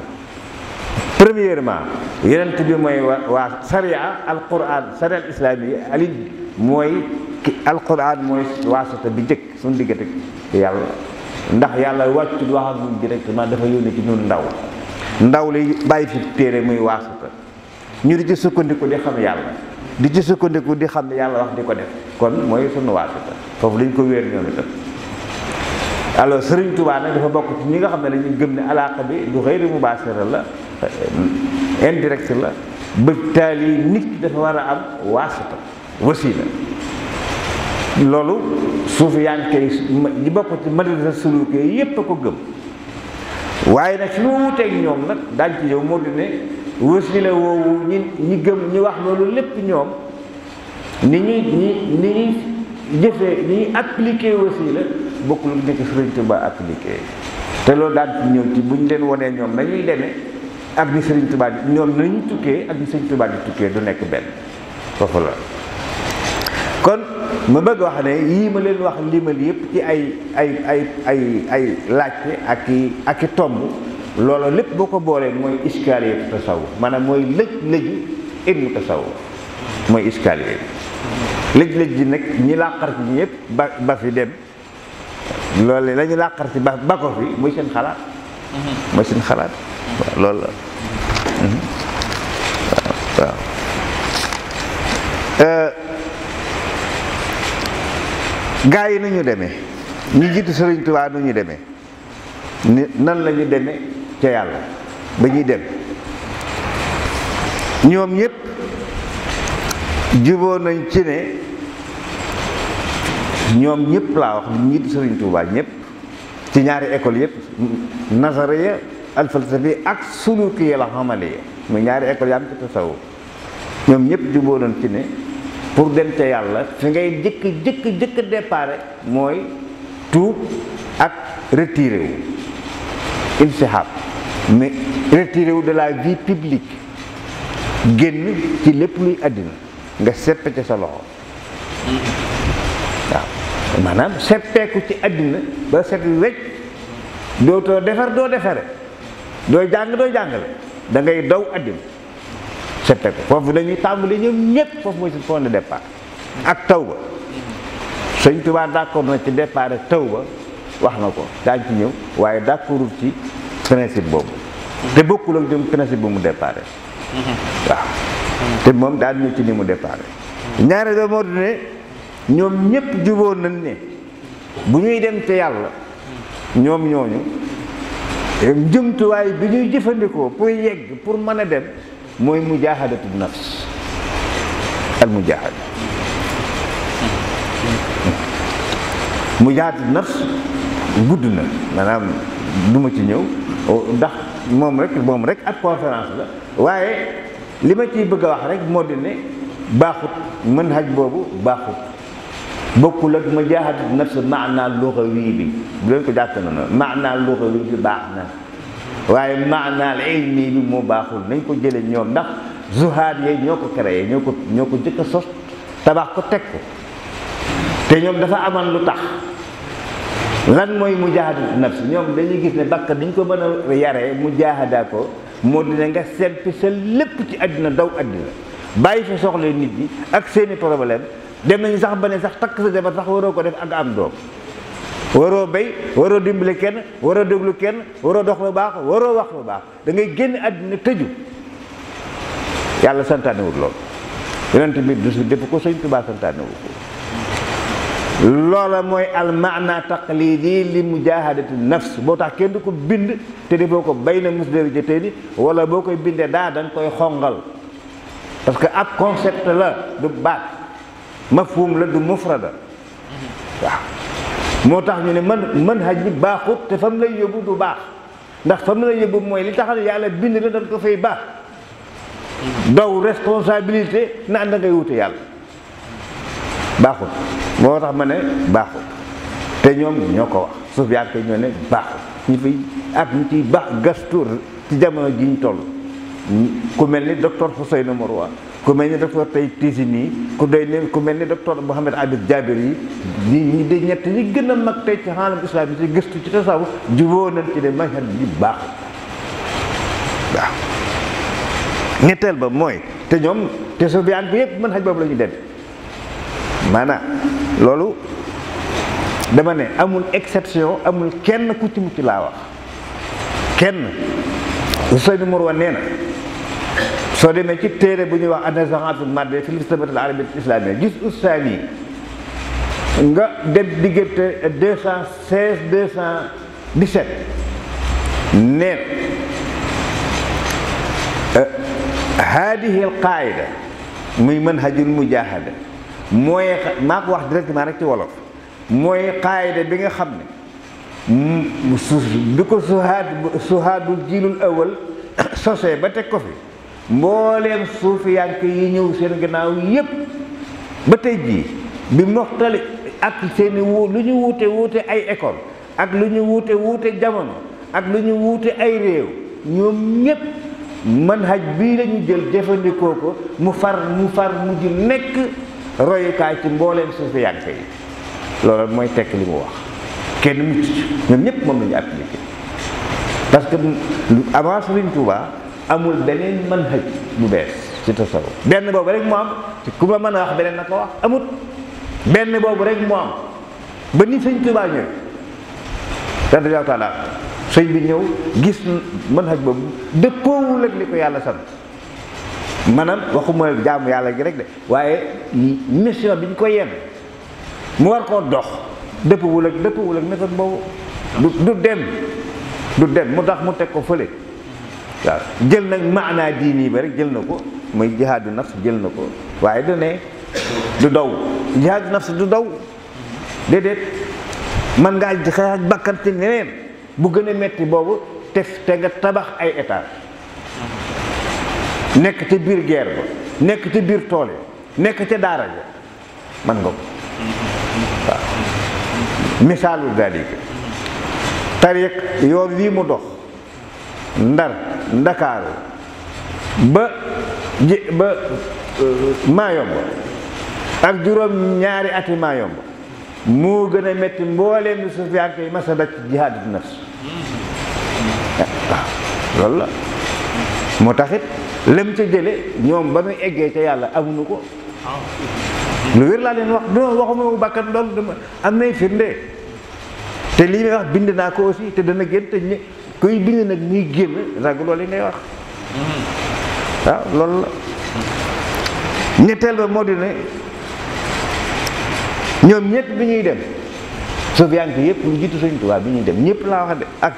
premièrement yonent bi mooy waa sariya alquran sariya al islami ali mooy alquran mooy waasata bi jëkk suñu diggante yàlla ndax yàlla wàccu wax ak directement dafa yónni ci ñun ndaw ndaw li bàyyi fi téere muy waasata ñu di ci sukkandiku di xam yàlla di ci sukkandiku di xam ne yàlla wax di ko def kon mooy sunu waasita foofu lañ ko wéer ñoom itam alors Serigne Touba nag dafa bokk ñi nga xam ne dañuy gëm ne alaaka bi du xëyri mu baasira la euh, indirect la ba taali nit ki dafa war a am waasita wasila loolu suuf yaa ngi koy ñi bokk ci madrasa suluke yépp a ko gëm waaye nag fi mu wuteeg ñoom nag daañ ci yow moo di ne wasila woowu ñi ñi gëm ñi wax loolu lépp ñoom ni ñuy ni ñuy jëfee ni ñuy appliqué wasila bokkul ni ko Sëriñ Tuba appliqué te loolu daan ci ñëw ci bu ñu leen wanee ñoom nañuy deme ak ni Sëriñ Tuba di ñoom nañu tukkee ak ni Sëriñ Tuba di tukkee du nekk benn foofu kon ma bëgg wax ne yii ma leen wax limal yëpp ci ay ay ay ay ay ak i ak i tomb loolu lépp boo ko boolee mooy iskaaliyatu tasawuf maanaam mooy lëj-lëju ilmu tasawuf mooy iskaaliye lëj-lëj gi nag ñi làqar ci ñëpp ba ba fi dem lool la làqar ci ba ba ko fi muy seen xalaat mm-hmm. mooy seen xalaat waaw loolu la mm-hmm. waaw euh, gaa yi nu ñu demee ñu jiitu Sëriñ Tuubaa nu ñu demee ni nan lañu demee ca yàlla ba ñuy dem ñoom ñëpp juboo nañ ci ne ñoom ñëpp laa wax ñi di Sëriñ Tuubaa ñëpp ci ñaari école yëpp nazariya al falsafi ak sulukiya la xamaliya muy ñaari école yaa am ci tasawuf ñoom ñëpp juboo nañ ci ne pour dem ca yàlla fi ngay jëkk jëkk jëkk déparé mooy tuub ak retiré wu insihaab mais retiré wu de la vie publique génn ci lépp luy àddina nga seppe ca sa loxo waaw maanaam seppeeku ci àddina ba set wecc dootoo defar doo defare doo jàng doo jàngale da ngay daw àddina seppeeku foofu dañuy tàmbali ñoom ñëpp foofu mooy seen point de départ ak taw ba sëñ Tuubaa d'accord na ci départ ak taw ba wax na ko daañ ci ñëw waaye d'accordul ci principe boobu te bokkul ak dem principe bu mu départ waaw te moom daal ñu ci ni mu départ ñaare ba moo ne ñoom ñëpp jubóo nañ ne bu ñuy dem te yàlla ñoom ñooñu jumtuwaay bi ñuy jëfandikoo pour yegg pour mën a dem mooy mujaahadatu nafs al mujaahada mujaahadatu nafs gudd na maanaam du ci ñëw Oh, ndax moom rek moom rek ab conférence la waaye li ma ciy bëgg a wax rek moo di ne baaxut mën haj boobu baaxut bokkul ak ma jaaxatit nafs maanaa luxawi bi bu leen ko jàpp na noonu naa luxawi bi baax na waaye maanaa ilmi bi moo baaxul nañ ko jële ñoom ndax zuhaad yooyu ñoo ko créé ñoo ko ñoo ko jëkk sos tabax ko teg ko te ñoom dafa aman lu tax lan mooy mujaahadatu nafs ñoom dañuy gis ne bakkan dañ ko mën a yaree mujaahadaa ko moo dina nga seen seppi sa lépp ci àddina daw àddina bàyyi fa soxla nit ñi ak seeni problème dem nañu sax ba ne sax takk sa jabar sax waroo ko def ak am doom waroo béy waroo dimbali kenn waroo déglu kenn waroo dox lu baax waroo wax lu baax da ngay génn àddina tëju yàlla santaanewul loolu yonent bi du def ko sëñ Tuubaa santaanewul ko loola mooy almaana taqlidi li mujahadati nafs boo tax kenn du ko bind te di ko bay na musdari jëtee ni wala boo koy bindee daa da koy xongal parce que ab concept la du baat mafhum la du mufrada waaw moo tax ñu ne man man haj bi baaxut te fam lay yóbbu du baax ndax fam lay yóbbu mooy li taxal yàlla bind la dañ ko fay baax daw responsabilité naan da ngay yàlla baaxul moo tax ma ne baaxul te ñoom ñoo ko wax suuf yaa ñoo ne baaxul ñu fiy ak ñu ciy baax gastu ci jamono ji ñu toll ku mel ni docteur Ousseynou Moroua ku mel ni docteur tey nii ku doy ne ku mel ni docteur Mohamed Abid Jabir yi ñi ñi de ñett ñi gën a mag tey ci xaalam islam yi ci gëstu ci tasawuf juboo nañ ci ne mazhab bi baaxul waaw ñetteel ba mooy te ñoom te suuf yaa bi yëpp mën xaj boobu la ñu dem maanaam loolu dama ne amul exception amul kenn ku ci mucc laa wax kenn Ousseynou wa nee na soo demee ci téere bu ñuy wax annazaatul madde fi mustabatul arabi islamiyya gis ustaas yi nga dem diggante deux cent seize deux cent dix-sept nee na euh, haadihi al qaayida muy manhajul mujahada mooy maa ko wax directement rek ci wolof mooy xaayida bi nga xam ne mu su bi ko suhaad suhaadul jiilul awal sosee ba teg ko fi mbooleem suufiyanke yi ñëw seen gannaaw yépp ba tey jii bi moxtali ak seeni wu lu ñu wuute wuute ay école ak lu ñu wuute wuute jamono ak lu ñu wuute ay réew ñoom ñépp manhaj bii la ñu jël jëfandikoo ko mu far mu far mujj nekk royukaay ci mbooleem suufiyànke yi loolu mooy tekk li mu wax kenn mucc ñoom ñëpp moom la ñu appliqué parce que avant Sëriñ Tuuba amul beneen mën hëj bu bees ci tasawuf benn boobu rek mu am ci ku ma mën a wax beneen na ko wax amut benn boobu rek mu am ba ni Sëriñ Tuuba ñëw radiyallaahu taala bi ñëw gis mën hëj boobu dëppoowul ak li ko yàlla sant maanaam waxuma jaamu yàlla gi rek de waaye mission bi ñu ko yenn mu war koo dox dëppwul ak dëppwul ak méthode boobu du du dem du dem mu tax mu teg ko fële waaw jël nag maanaa diini ba rek jël na ko muy jihaadu nafs jël na ko waaye du ne du daw jihaadu nafs du daw déedéet man ngaa xeex ak bakkan neneen bu gën a metti boobu te te nga tabax ay état nekk ci biir guerre ba nekk ci biir tool yi nekk ca daara ja man nga ko waaw misaalu dalika tariq yoon wii mu dox ndar ndakaaru ba ji ba euh, maayomba ak juróom ñaari ati maayomba moo gën a métti mbooleem ni suuf yaa ngi daj jihaadu nafs waaw moo taxit lam ca jële ñoom ba muy eggee ca yàlla amuñu ko lu wér laa leen wax non waxuma wu bàkkan loolu dama am nay firnde te lii may wax bind naa ko aussi te dana génn te ñë kuy bind nag muy génn ragu loolu yi ngay wax waaw loolu la ñetteel ba moo di ñoom ñett bi ñuy dem sofiyanke yëpp lu jiitu Sëriñ Tuubaa bi ñuy dem ñëpp laa wax de ak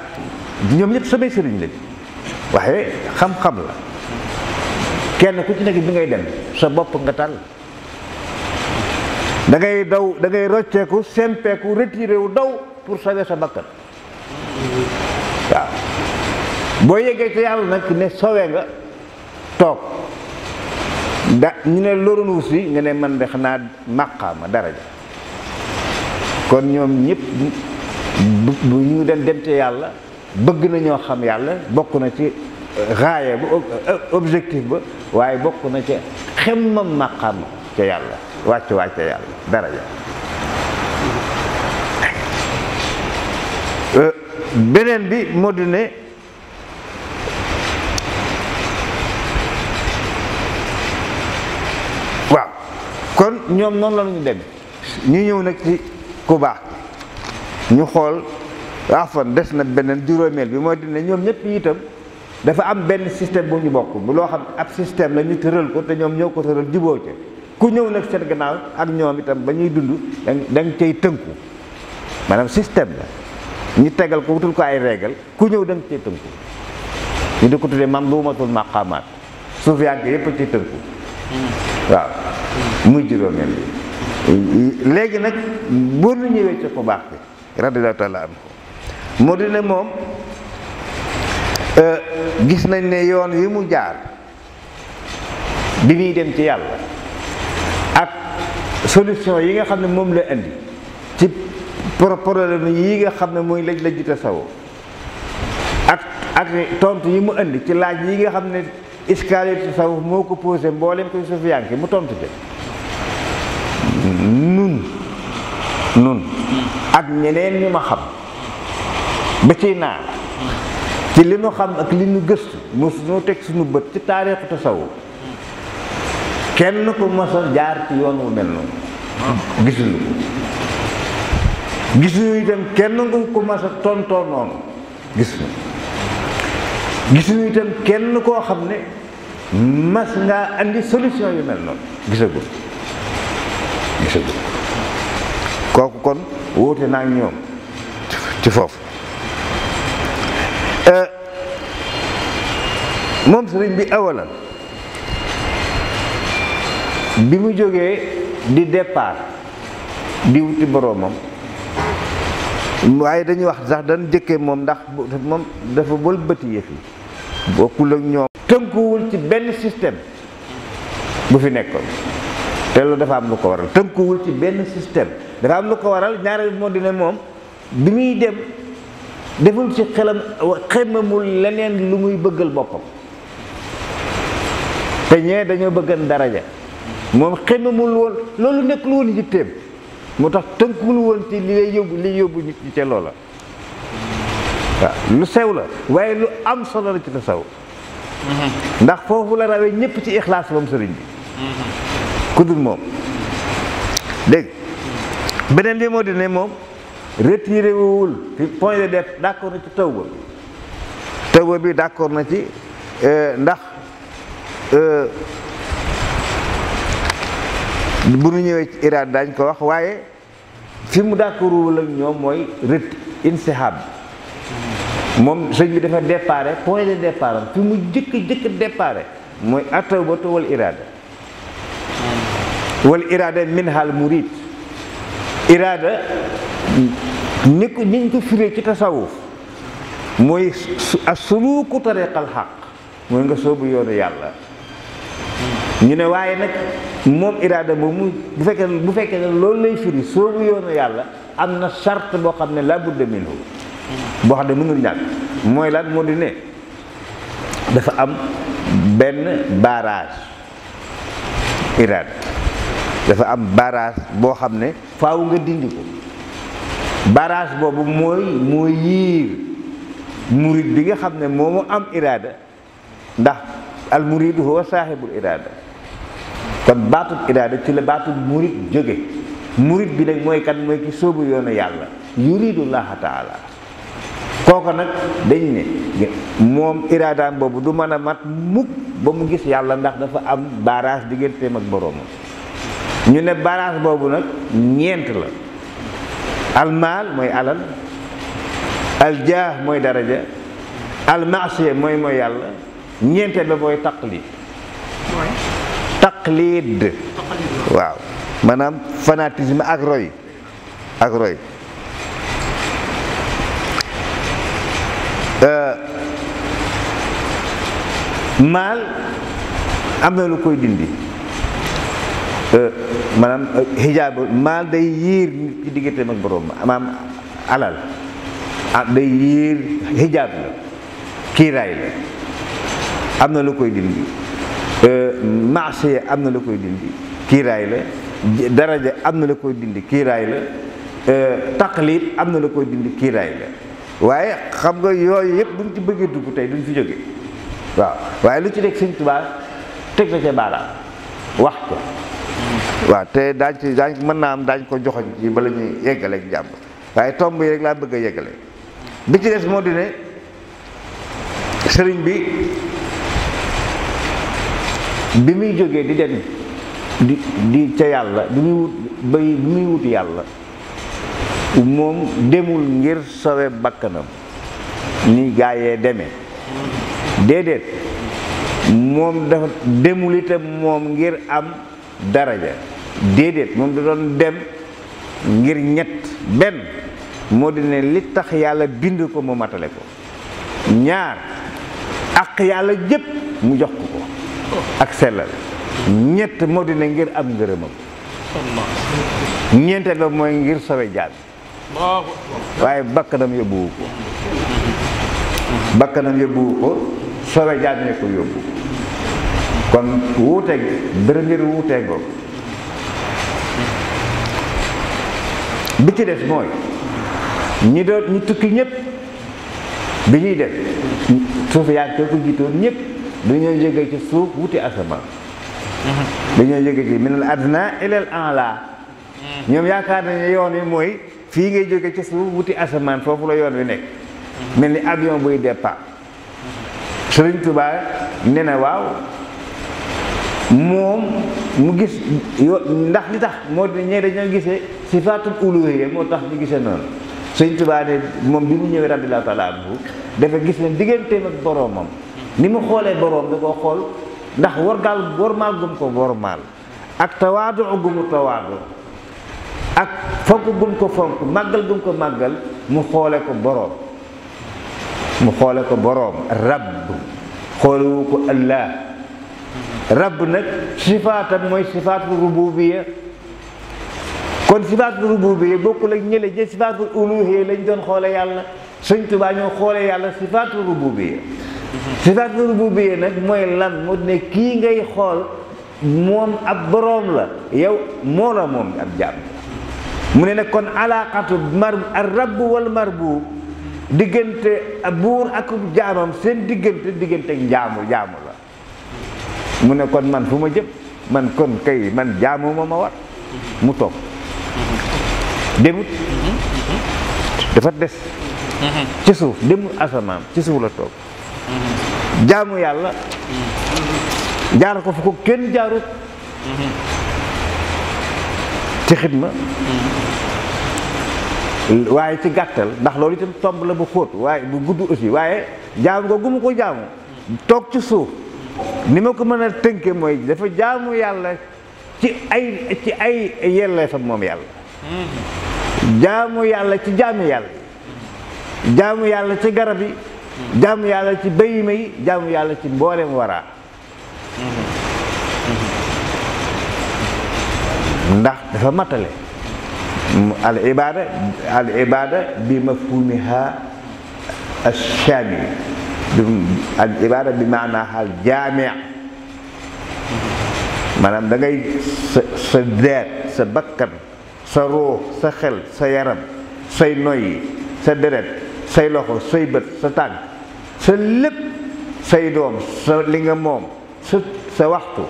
ñoom ñëpp samay sëriñ lañ waxee xam-xam la kenn ku ci nekk bi ngay dem sa bopp nga tàll da ngay daw da ngay rocceeku sempeeku retiré wu daw pour sauver sa bakkan waaw boo yeggee ci yàlla nag ne sauvé nga toog da ñu ne loroon si nga ne man de xanaa màqaama daraja kon ñoom ñëpp bu ñu dem dem ci yàlla bëgg na ñoo xam yàlla bokk na ci raaya ba objectif ba waaye bokk na ca xemmam maqam ca yàlla wàcc wàcc ca yàlla daraja euh, beneen bi moo di ne waaw kon ñoom noonu la ñu dem ñu ñëw nag ci ku baax ñu xool afan ah, des na beneen juróomeel bi moo dina ne ñoom ñëpp itam dafa am benn système bu ñu bokk bu loo xam ab système la ñu tëral ko te ñoom ñoo ko tëral juboo ca ku ñëw nag seen gannaaw ak ñoom itam ba ñuy dund da nga cay tënku maanaam système la ñu tegal ko wutul ko ay régal ku ñëw da nga cay tënku ñu di ko tuddee man lu matul maqaamaat suuf yaa ngi yëpp ci tënku waaw muy juróomeel bi léegi nag boo nu ñëwee ci ko baax bi radiyallahu taala anhu moo di ne moom Euh, gis nañ ne yoon yi mu jaar bi muy dem ci yàlla ak solution yi nga xam ne moom la indi ci problème yi nga xam ne mooy laj laj tasawoo ak ak tontu yi mu indi ci laaj yi nga xam ne iskaale tasawuf moo ko posé mboolem koy sufiyanke mu tontu ci nun nun ak ñeneen ñu ma xam ba ci naa ci li nu xam ak li nu gëstu mos teg suñu bët ci taarixu tasawuf kenn ko mos jaar ci yoon wu mel noonu gisuñu ko gisuñu itam kenn nga ko mos kenn koo xam ne mas ngaa andi solution yu mel noonu gisagul gisagul kooku kon wóote naa ñoom ci foofu Euh, moom sëriñ bi awalan bi mu jógee di départ di wuti boroomam waaye dañuy wax sax dañ jëkkee moom ndax moom dafa wël bëti yëf yi bokkul ak ñoom tënkuwul ci benn système bu fi nekkoon te loolu dafa am lu ko waral tënkuwul ci benn système dafa am lu ko waral ñaareel moo di ne moom bi muy dem deful ci xelam xemamul leneen lu muy bëggal boppam te ñee dañoo bëggan daraja moom xemamul woon loolu nekk lu woon yitteem mu tax tënkul woon ci li lay yóbbu li yóbbu nit ñi ca loola waaw lu sew la waaye lu am solo la ci la sew ndax foofu la rawee ñëpp ci ixlaas moom sëriñ bi mm-hmm. ku dul moom dégg beneen bi moo di moom retiré wuwul fi point de départ d'accord na ci tawba tawba bi d'accord na ci euh, ndax euh, bu nu ñëwee ci iraad daañ ko wax waaye fi mu d'accord wuwul ak ñoom mooy rët insihab moom sëñ bi dafa départ point de départ fi mu jëkk jëkk départ mooy atawbatu wal iraada hmm. wal iraada min hal murid iraada ni ko niñ ko firee ci tasawuf mooy asuluuku tariqal xaq mooy nga soobu yoonu yàlla ñu ne waaye nag moom iraada boobu bu fekkee bu fekkee loolu lay firi soobu yoonu yàlla am na charte boo xam ne la budda minhu boo xam ne mënul ñàkk mooy lan moo di ne dafa am benn barrage iraada dafa am baraas boo xam ne faw nga dindi ko barrage boobu mooy moo yiir murid bi nga xam ne moomu am iraada ndax al muridu huwa saaxibul iraada kon baatub iraada ci la baatub murid jóge murid bi nag mooy kan mooy ki sóobu yoonu yàlla yuridullaha taala kooko nag dañ ne moom iraadaam boobu du mën a mat mukk ba mu gis yàlla ndax dafa am barrage digganteem ak boroomam ñu ne barrage boobu nag ñeent la almaal mooy alal aljaah mooy daraja almaasiya mooy mooy yàlla ñeenteel ba mooy taqlid taqlid waaw maanaam fanatisme ak roy ak roy euh, maal am na lu koy dindi Euh, maanaam xijaab euh, maal day yiir nit ki digganteem ak borom maanaam alal ah day yiir xijaab la kiiraay la am na lu koy dindi euh, am na lu koy dindi kiiraay la daraja am na la koy dindi kiiraay la taqlid am na la koy dindi kiiraay la waaye xam nga yooyu yëpp buñ ci bëggee dugg tey duñ fi jóge waaw waaye lu ci nekk Sëñ Tuubaa teg na ca baaraam wax ko waaw te daañ ci daañ mën naa am dañ ko joxoñ ci bala ñuy yeggale njàmb waaye tomb yi laa bëgg a yeggale bi ci des bi bi muy jógee di dem di ca yàlla bi muy yàlla moom demul ngir sowe bakkanam ni gaayee deme déedéet moom dafa demul itam moom ngir am daraja déedéet moom da doon dem ngir ñett benn moo di ne li tax yàlla bind ko mu matale ko ñaar ak yàlla jëpp mu jox ko ko ak sellal ñett moo di ne ngir am ngërëmam ñeenteel ba mooy ngir sowe jaal waaye bakkanam yóbbuwu ko bakkanam yóbbuwu ko sowe jaal ko yóbbu kon wuute gi dërëngër wuute ci des mooy ñi doon ñi tukki ñëpp bi ñuy dem suuf yaag ko jiitoon ñëpp dañoo jóge ci suuf wuti asamaan mhm. dañoo jóge ci minal adna ilal ala mhm. ñoom yaakaar nañu yoon mooy fii ngay jóge ci wuti asamaan foofu la yoon wi nekk mhm. mel ni avion buy départ Sëriñ Tuubaa nee waaw moom mu gis yo ndax li tax moo ñee dañoo gisee sifaatul uluhiyya moo tax ñu gisee noonu sëñ Tuubaa ne moom bi mu ñëwee radiyallaahu taala anhu dafa gis ne digganteem ak boroomam ni mu xoolee boroom da xool ndax wargaal wormaal gum ko wormaal ak tawaadu gumu tawaadu ak fonk gum ko fonk màggal gum ko màggal mu xoole ko boroom mu xoole ko boroom rabb xoolewu ko allah rabb nag sifaatam mooy sifaatu rububiya kon sifaatul rububiyya bokku ak ñële jë sifaatul uluhiyya lañu doon xoole yàlla sëñ Tuubaa ñoo xoole yàlla sifaatul rububiyya sifaatul rububiyya nag mooy lan mu ne kii ngay xool moom ab boroom la yow moo moom mu ne nag kon alaaqatu mar ar rabb wal marbu diggante buur ak jaamam seen diggante diggante ak njaamu jaamu la mu ne kon man fu ma jëm man kon kay man jaamu ma war mu toog demut dafa des ci suuf demul asamaan ci suuf la toog jaamu yàlla jaar ko fu ko kenn jaarut ci xidma waaye ci gàttal ndax loolu itam tomb la bu xóot waaye bu gudd aussi waaye jaamu ko gumu ko jaamu toog ci suuf ni ma ko mën a tënke mooy dafa jaamu yàlla ci ay ci ay yellee fa moom yàlla jaamu yàlla ci jaamu yàlla yi jaamu yàlla ci garab yi jaamu yàlla ci bayima yi jaamu yàlla ci mboolem waraa ndax dafa matale al ibada al ibada bi mafhumiha alchamil al ibada bi maanaha al jaami maanaam da ngay sa sa deet sa bakkan sa ruux sa xel sa yaram say noyyi sa deret say loxo say bët sa tànk sa lépp say doom sa li nga moom sa sa waxtu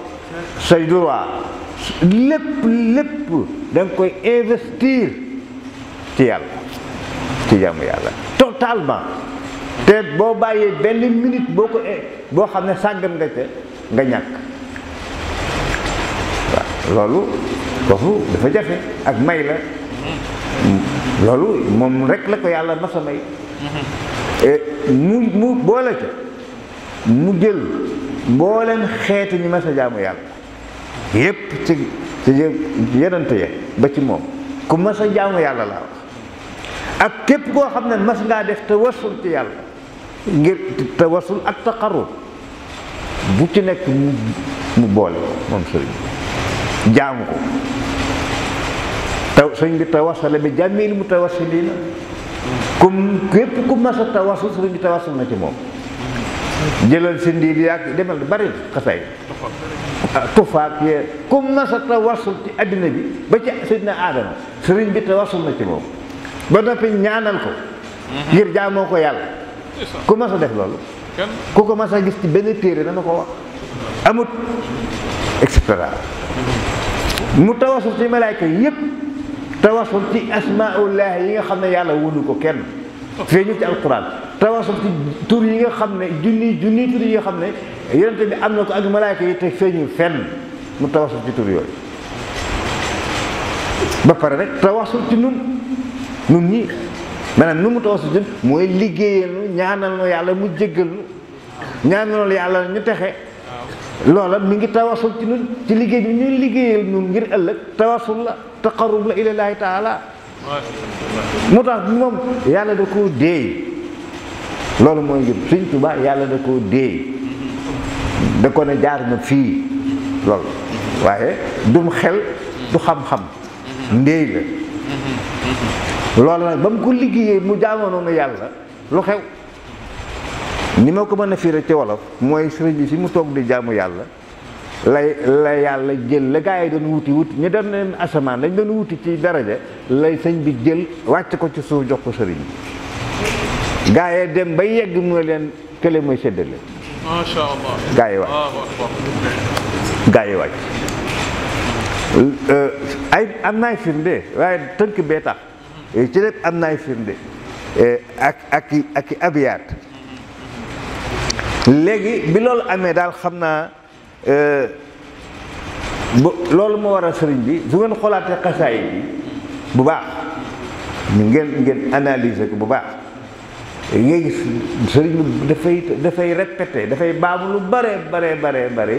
say droit lépp lépp da koy investir ci yàlla ci jàmm yàlla totalement te boo bàyyee benn minute boo ko boo xam ne sàggan nga te nga ñàkk waaw loolu kooku dafa jafe ak may la loolu moom rek la ko yàlla masa may mm-hmm. eh, mu mu boole ca mu jël mbooleen xeetu ñu masa jaamu yàlla yépp ci ci yenante ya ba ci moom ku masa jaamu yàlla laa wax ak képp koo xam ne mas ngaa def tawasul ci yàlla ngir te tawasul ak taqarrub bu ci nekk mu boole moom sëriñ jaamu ko taw sëñ bi tawasale bi jàmmil mu tawasilina kum képp ku mas a tawasul sëñ bi tawasul na ci moom jëlal si ndiir yaag demal bari xasaay ah, tufaak yee ci àddina bi ba ci seydina sëriñ bi tawasul na ci moom ba noppi ñaanal ko ngir jaamoo ko yàlla ku mas def loolu ku ko mas gis ci benn téere na ko wax amut et cetera mu tawasul ci malaayka yépp tawasul ci asmaullaah yi nga xam ne yàlla wunu ko kenn fee ci alquran tawasul ci tur yi nga xam ne junni junni tur yi nga xam ne yonente bi am na ko ak malaayka yi te feeñu fenn mu tawasul ci tur yooyu ba pare rek tawasul ci nun nun ñi maanaam nu mu tawasul ci mooy liggéeyal nu ñaanal yàlla mu jéggal nu ñaanal yàlla ñu texe loola mi ngi tawasul ci ñun ci liggéey bi ñuy liggéeyal ñun ngir ëllëg tawasul la taqarrub la ilallaahi taala mu tax moom yàlla da koo déey loolu mooy ngir Sëñ Tuubaa yàlla da koo déey da ko jaar na fii loolu waaye mu xel du xam-xam ndéey la loolu nag ba mu ko liggéeyee mu jaamonoonu yàlla lu xew ni ma ko mën a firi ci wolof mooy sëriñ bi fi mu toog di jaamu yàlla la yàlla jël la gaa yi doon wuti wuti ñu doon leen asamaan lañ doon wuti ci daraja lay sëñ bi jël wàcc ko ci suuf jox ko sëriñ bi gaa dem ba yegg mu leen kële mooy séddale. macha allah gaa yi wàcc gaa wàcc euh, ay am naay firnde waaye tënk bee tax eh, ci lépp am naay firnde eh, ak ak i ak i abiyaat léegi bi loolu amee daal xam naa euh, bu loolu moo a sëriñ bi su ngeen xoolaatee xasaay bi bu baax ñu ngeen ngeen analyser ko bu baax ngay gis sëriñ bi dafay dafay répété dafay baabu lu bare bare bare bare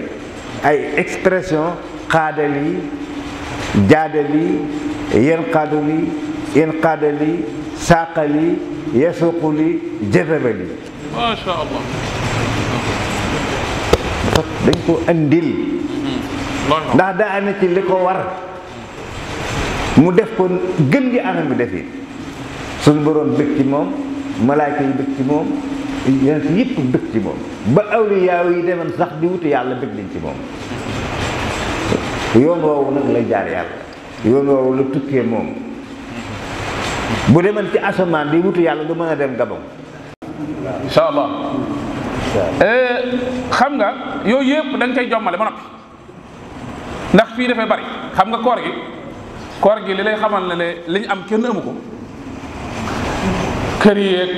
ay expression xaadal yi jaadal yi yen xaadal yi yen xaadal yi saaqal yi yasuqul yi jëfëbal yi allah dañ ko andil hmm. ndax daa na ci li ko war mu def ko gën gi anam bi defi suñ boroom moom malaayka yi bëgg ci moom yonent yëpp bëgg ci moom ba awliyaaw yi sax di wuti yàlla bëgg nañ ci moom yoon woowu nag la jaar yàlla yoon woowu la tukkee moom bu demoon ci asamaan di wuti yàlla du mën a dem gabam Euh, xam nga yow yëpp da nga koy jommale ba noppi ndax fii dafay bari xam nga koor gi koor gi li lay xamal ne ne li ñu am kenn amu ko kër yeeg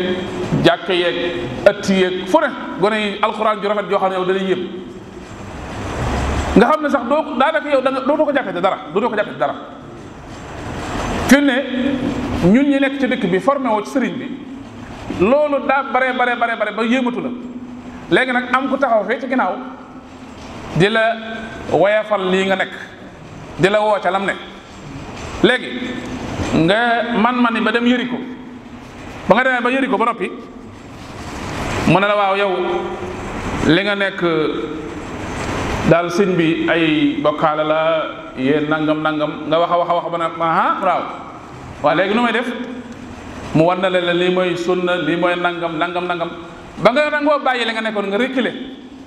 jàkk yeeg ëtt yeeg fu ne gone yi alxuraan ju rafet joo ne yow da lay nga xam ne sax doo daanaka yow da nga dootoo ko jàppate dara dootoo ko jàppate dara fi ne ñun ñi nekk ci dëkk bi formé woo ci sëriñ bi loolu daa bare bare bare bare ba yéematu la léegi nag am ku taxaw fee ci ginnaaw di la woyafal lii nga nekk di la woo ca lam ne léegi nga man-man ni ba dem yëri ko ba nga demee ba yëri ko ba noppi mu ne la waaw yow li nga nekk daal sëñ bi ay bokkaale la nangam nangam nga wax a wax a wax ba ne ah waaw waaw léegi nu may def mu war na la lii mooy sunna li mooy nangam nangam nangam ba nga nangoo bàyyi la nga nekkoon nga reculer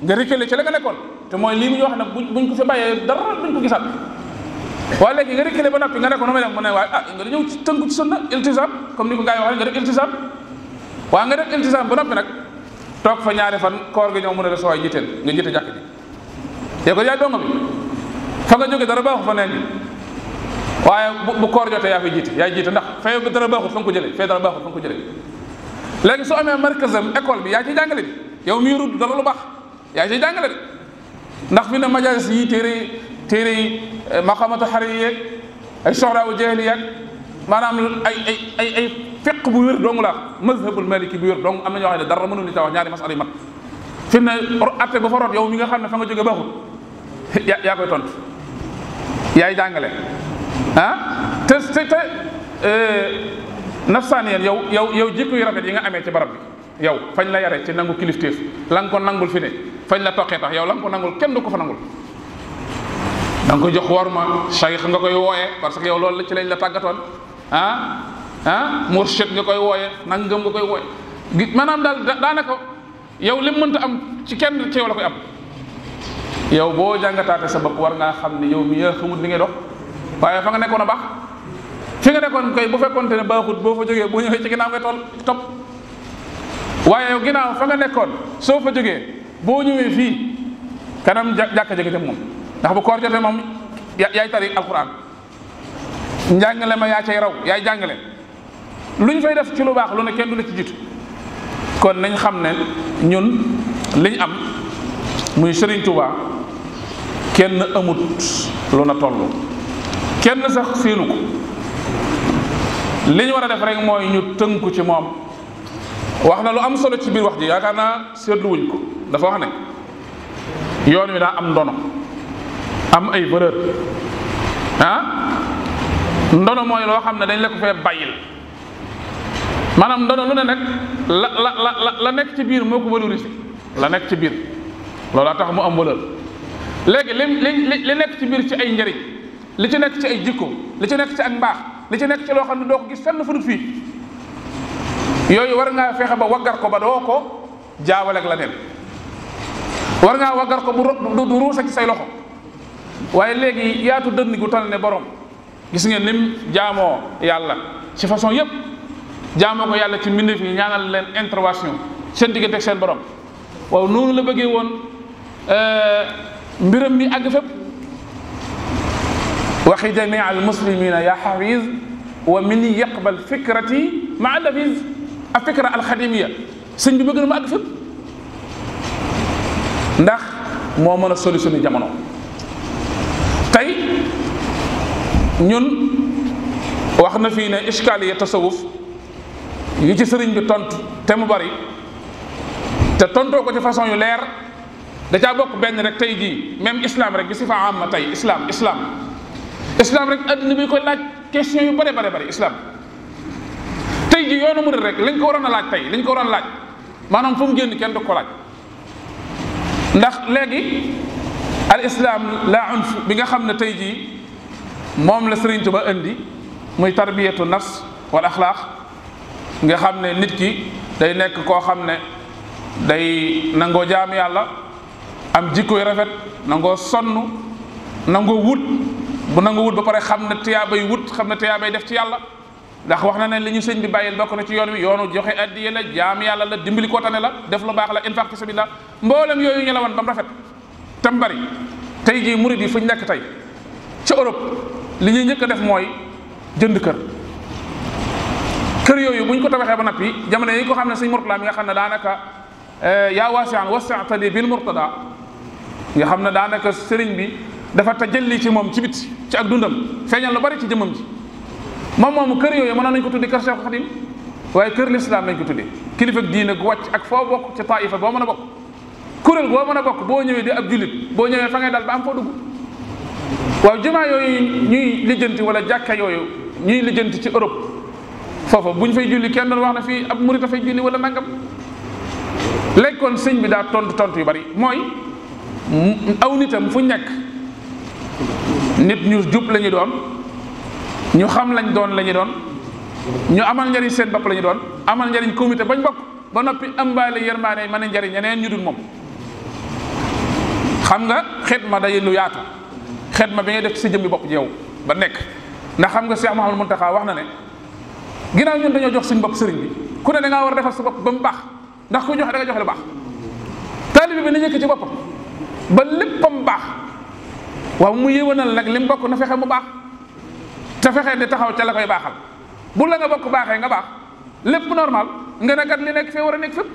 nga reculer ci la nga nekkoon te mooy lii mu ñu wax nag buñ buñ ko fi bàyyee dara duñ ko gisaat waaye léegi nga reculer ba noppi nga nekkoon nu may def mu ne waaye ah ñëw ci tënku ci sunna iltisam comme ni ko gars yi waxee nga nga def iltisam ba noppi nag toog fa ñaari fan koor gi ñëw mu ne soo sooy jiteel nga jite jàkk ji yow ko yaay dongo bi fa nga jógee dara baaxul fa neen waaye bu koor jotee yaa fi jiite yaay jiite ndax fee dara baaxul fa nga ko jëlee fee dara baaxul fa ko jëlee léegi soo amee markazam école bi yaa jàngale bi yow mii rudd dara lu baax yaa ciy jàngale de ndax fi ne majaalis yi téere téere yi eh, maqamatu xari yeeg ay soxraawu jeeli yeeg maanaam ay ay ay ay fiq bu wér dong la mazhabul maliki bu wér dong am na ñoo xam ne dara mënul ni ta wax ñaari masala yi mat fi ne atte fa rot yow mi nga xam ne fa nga jóge baaxul yaa yaa koy yaay jàngale ah te te te eh, nafsaaniyan yow yow yow jikko yu rafet yi nga amee ci barab bi yow fañ la yare ci nangu kilifteef la nga ko nangul fi ne fañ la toqee tax yow la ko nangul kenn du ko fa nangul da nga ko jox warma cheikh nga koy parce que yow loolu la ci lañ la tàggatoon ah ah murshid nga koy wooyee nangam nga koy wooye maanaam daal daanaka yow lim mënta am ci kenn ci la koy am yow boo jàngataate sa bopp war ngaa xam yow mi yaa dox waaye fa nga nekkoon a baax fi nga nekkoon koy bu fekkonte ne baaxut boo fa jógee boo ñëwee ci nga toll topp waaye fa nga nekkoon soo fa jógee boo ñëwee fii kanam jàkka jege jëm moom ndax bu koor jotee moom yaay tari alquran njàngale ma yaa cay raw yaay jàngale lu ñu fay def ci lu baax lu ne kenn du la ci jiitu kon nañ xam ne ñun liñ am muy Serigne Touba kenn amut lu na toll kenn sax séenu ko li war a def rek mooy ñu tënku ci moom wax na lu am solo ci biir wax ji yaakaar naa seetluwuñ ko dafa wax ne yoon wi daa am ndono am ay valeur ah ndono mooy loo xam ne dañ la ko fee bàyyil maanaam ndono lu ne nag la la la la nekk ci biir moo ko valoriser la nekk ci biir loolaa tax mu am valeur léegi li li li nekk ci biir ci ay njëriñ li ci nekk ci ay jikko li ci nekk ci ak mbaax li ci nekk ci loo xam ne doo ko gis fenn fu dul fii yooyu war ngaa fexe ba waggar ko ba doo ko jaawale ak la neen war ngaa waggar ko bu du ruusa ci say loxo waaye léegi yaatu dënn gu tal ne borom gis ngeen nim jaamoo yàlla ci façon yépp jaamoo ko yàlla ci mbindeef yi ñaanal leen intervention seen diggante ak seen borom waaw noonu la bëggee woon euh, mbiram mi àgg fépp waxi jamia almuslimina ya xafiz wa min yaqbal fikrati ma dafiz a fikra alxadimia sëñ bi bëgg na ma àgg fépp ndax moo mën a solutionné jamono tey ñun wax na fii ne iskaliya tasawuf yi ci sëriñ bi tontu te mu bari te tontoo ko ci façon yu leer da caa bokk benn rek tey jii même islam rek bi si fa am ma tey islam islam islam rek àddina bi koy laaj question yu bare bare bare islam tey ji yoonu murid rek lañ ko waroon a laaj tey lañ ko waroon a laaj maanaam fu mu génn kenn du ko laaj ndax léegi al islam la unf bi nga xam ne tey jii moom la Sëriñ ba indi muy tarbiyatu nafs walla axlaaq nga xam ne nit ki day nekk koo xam ne day nangoo jaam yàlla am jikko yu rafet nangoo sonn nangoo wut bu nangu wut ba pare xam ne tiyaabay wut xam ne tiyaabay def ci yàlla ndax wax na ne li ñu sëñ bi bàyyil bokk na ci yoon wi yoonu joxe addiye la jaam yàlla la dimbali ko tane la def lu baax la infaq fi sabilillah mboolem yooyu ñu la woon ba mu bari tey jii murid yi nekk tey ca Europe li ñuy njëkk a def mooy jënd kër kër yooyu bu ñu ko tabaxee ba noppi jamono yi ko xam ne sëñ Murtada mi nga xam ne daanaka eh, yaa waasi'an wasta'tali bil murtada nga xam ne daanaka sëriñ bi dafa ta tajalli ci moom ci biti ci ak dundam feeñal lu bari ci jëmmam ji moom moomu kër yooyu na nañ ko tuddi kër Cheikh Khadim waaye kër lislaam lañ ko tuddi kilifa diine gu wàcc ak foo bokk ci taifa boo mën a bokk kuréel boo mën a bokk boo ñëwee di ab jullit boo ñëwee fa ngay daal ba am foo dugg waaw jumaa yooyu ñuy lijjanti wala jàkka yooyu ñuy lijjanti ci Europe foofa bu ñu fay julli kenn doon wax na fii ab murit a fay wala nangam sëñ bi daa tontu yu bari mooy aw nitam fu ñekk nit ñu jub la ñu doon ñu xam lañ doon la ñu doon ñu amal njariñ seen bopp la doon amal njariñ comité bañ bokk ba noppi ëmbaale yërmaane mën a njariñ ñeneen ñu dul moom xam nga ma day lu yaatu xidma ma ngay def ci sa jëmmi bopp ba nekk ndax xam nga Cheikh mun Mountakha wax na ne ginnaaw ñun dañoo jox suñu bopp sëriñ ku ne da war a defal sa bopp ba mu baax ndax ku joxe da nga baax taalibe bi na yëkk ci boppam ba léppam baax waaw mu yéwénal nag lim bokk na fexe mu baax te fexe di taxaw ca la koy baaxal bu la nga bokk baaxee nga baax lépp normal nga ne kat li nekk fee war a nekk fépp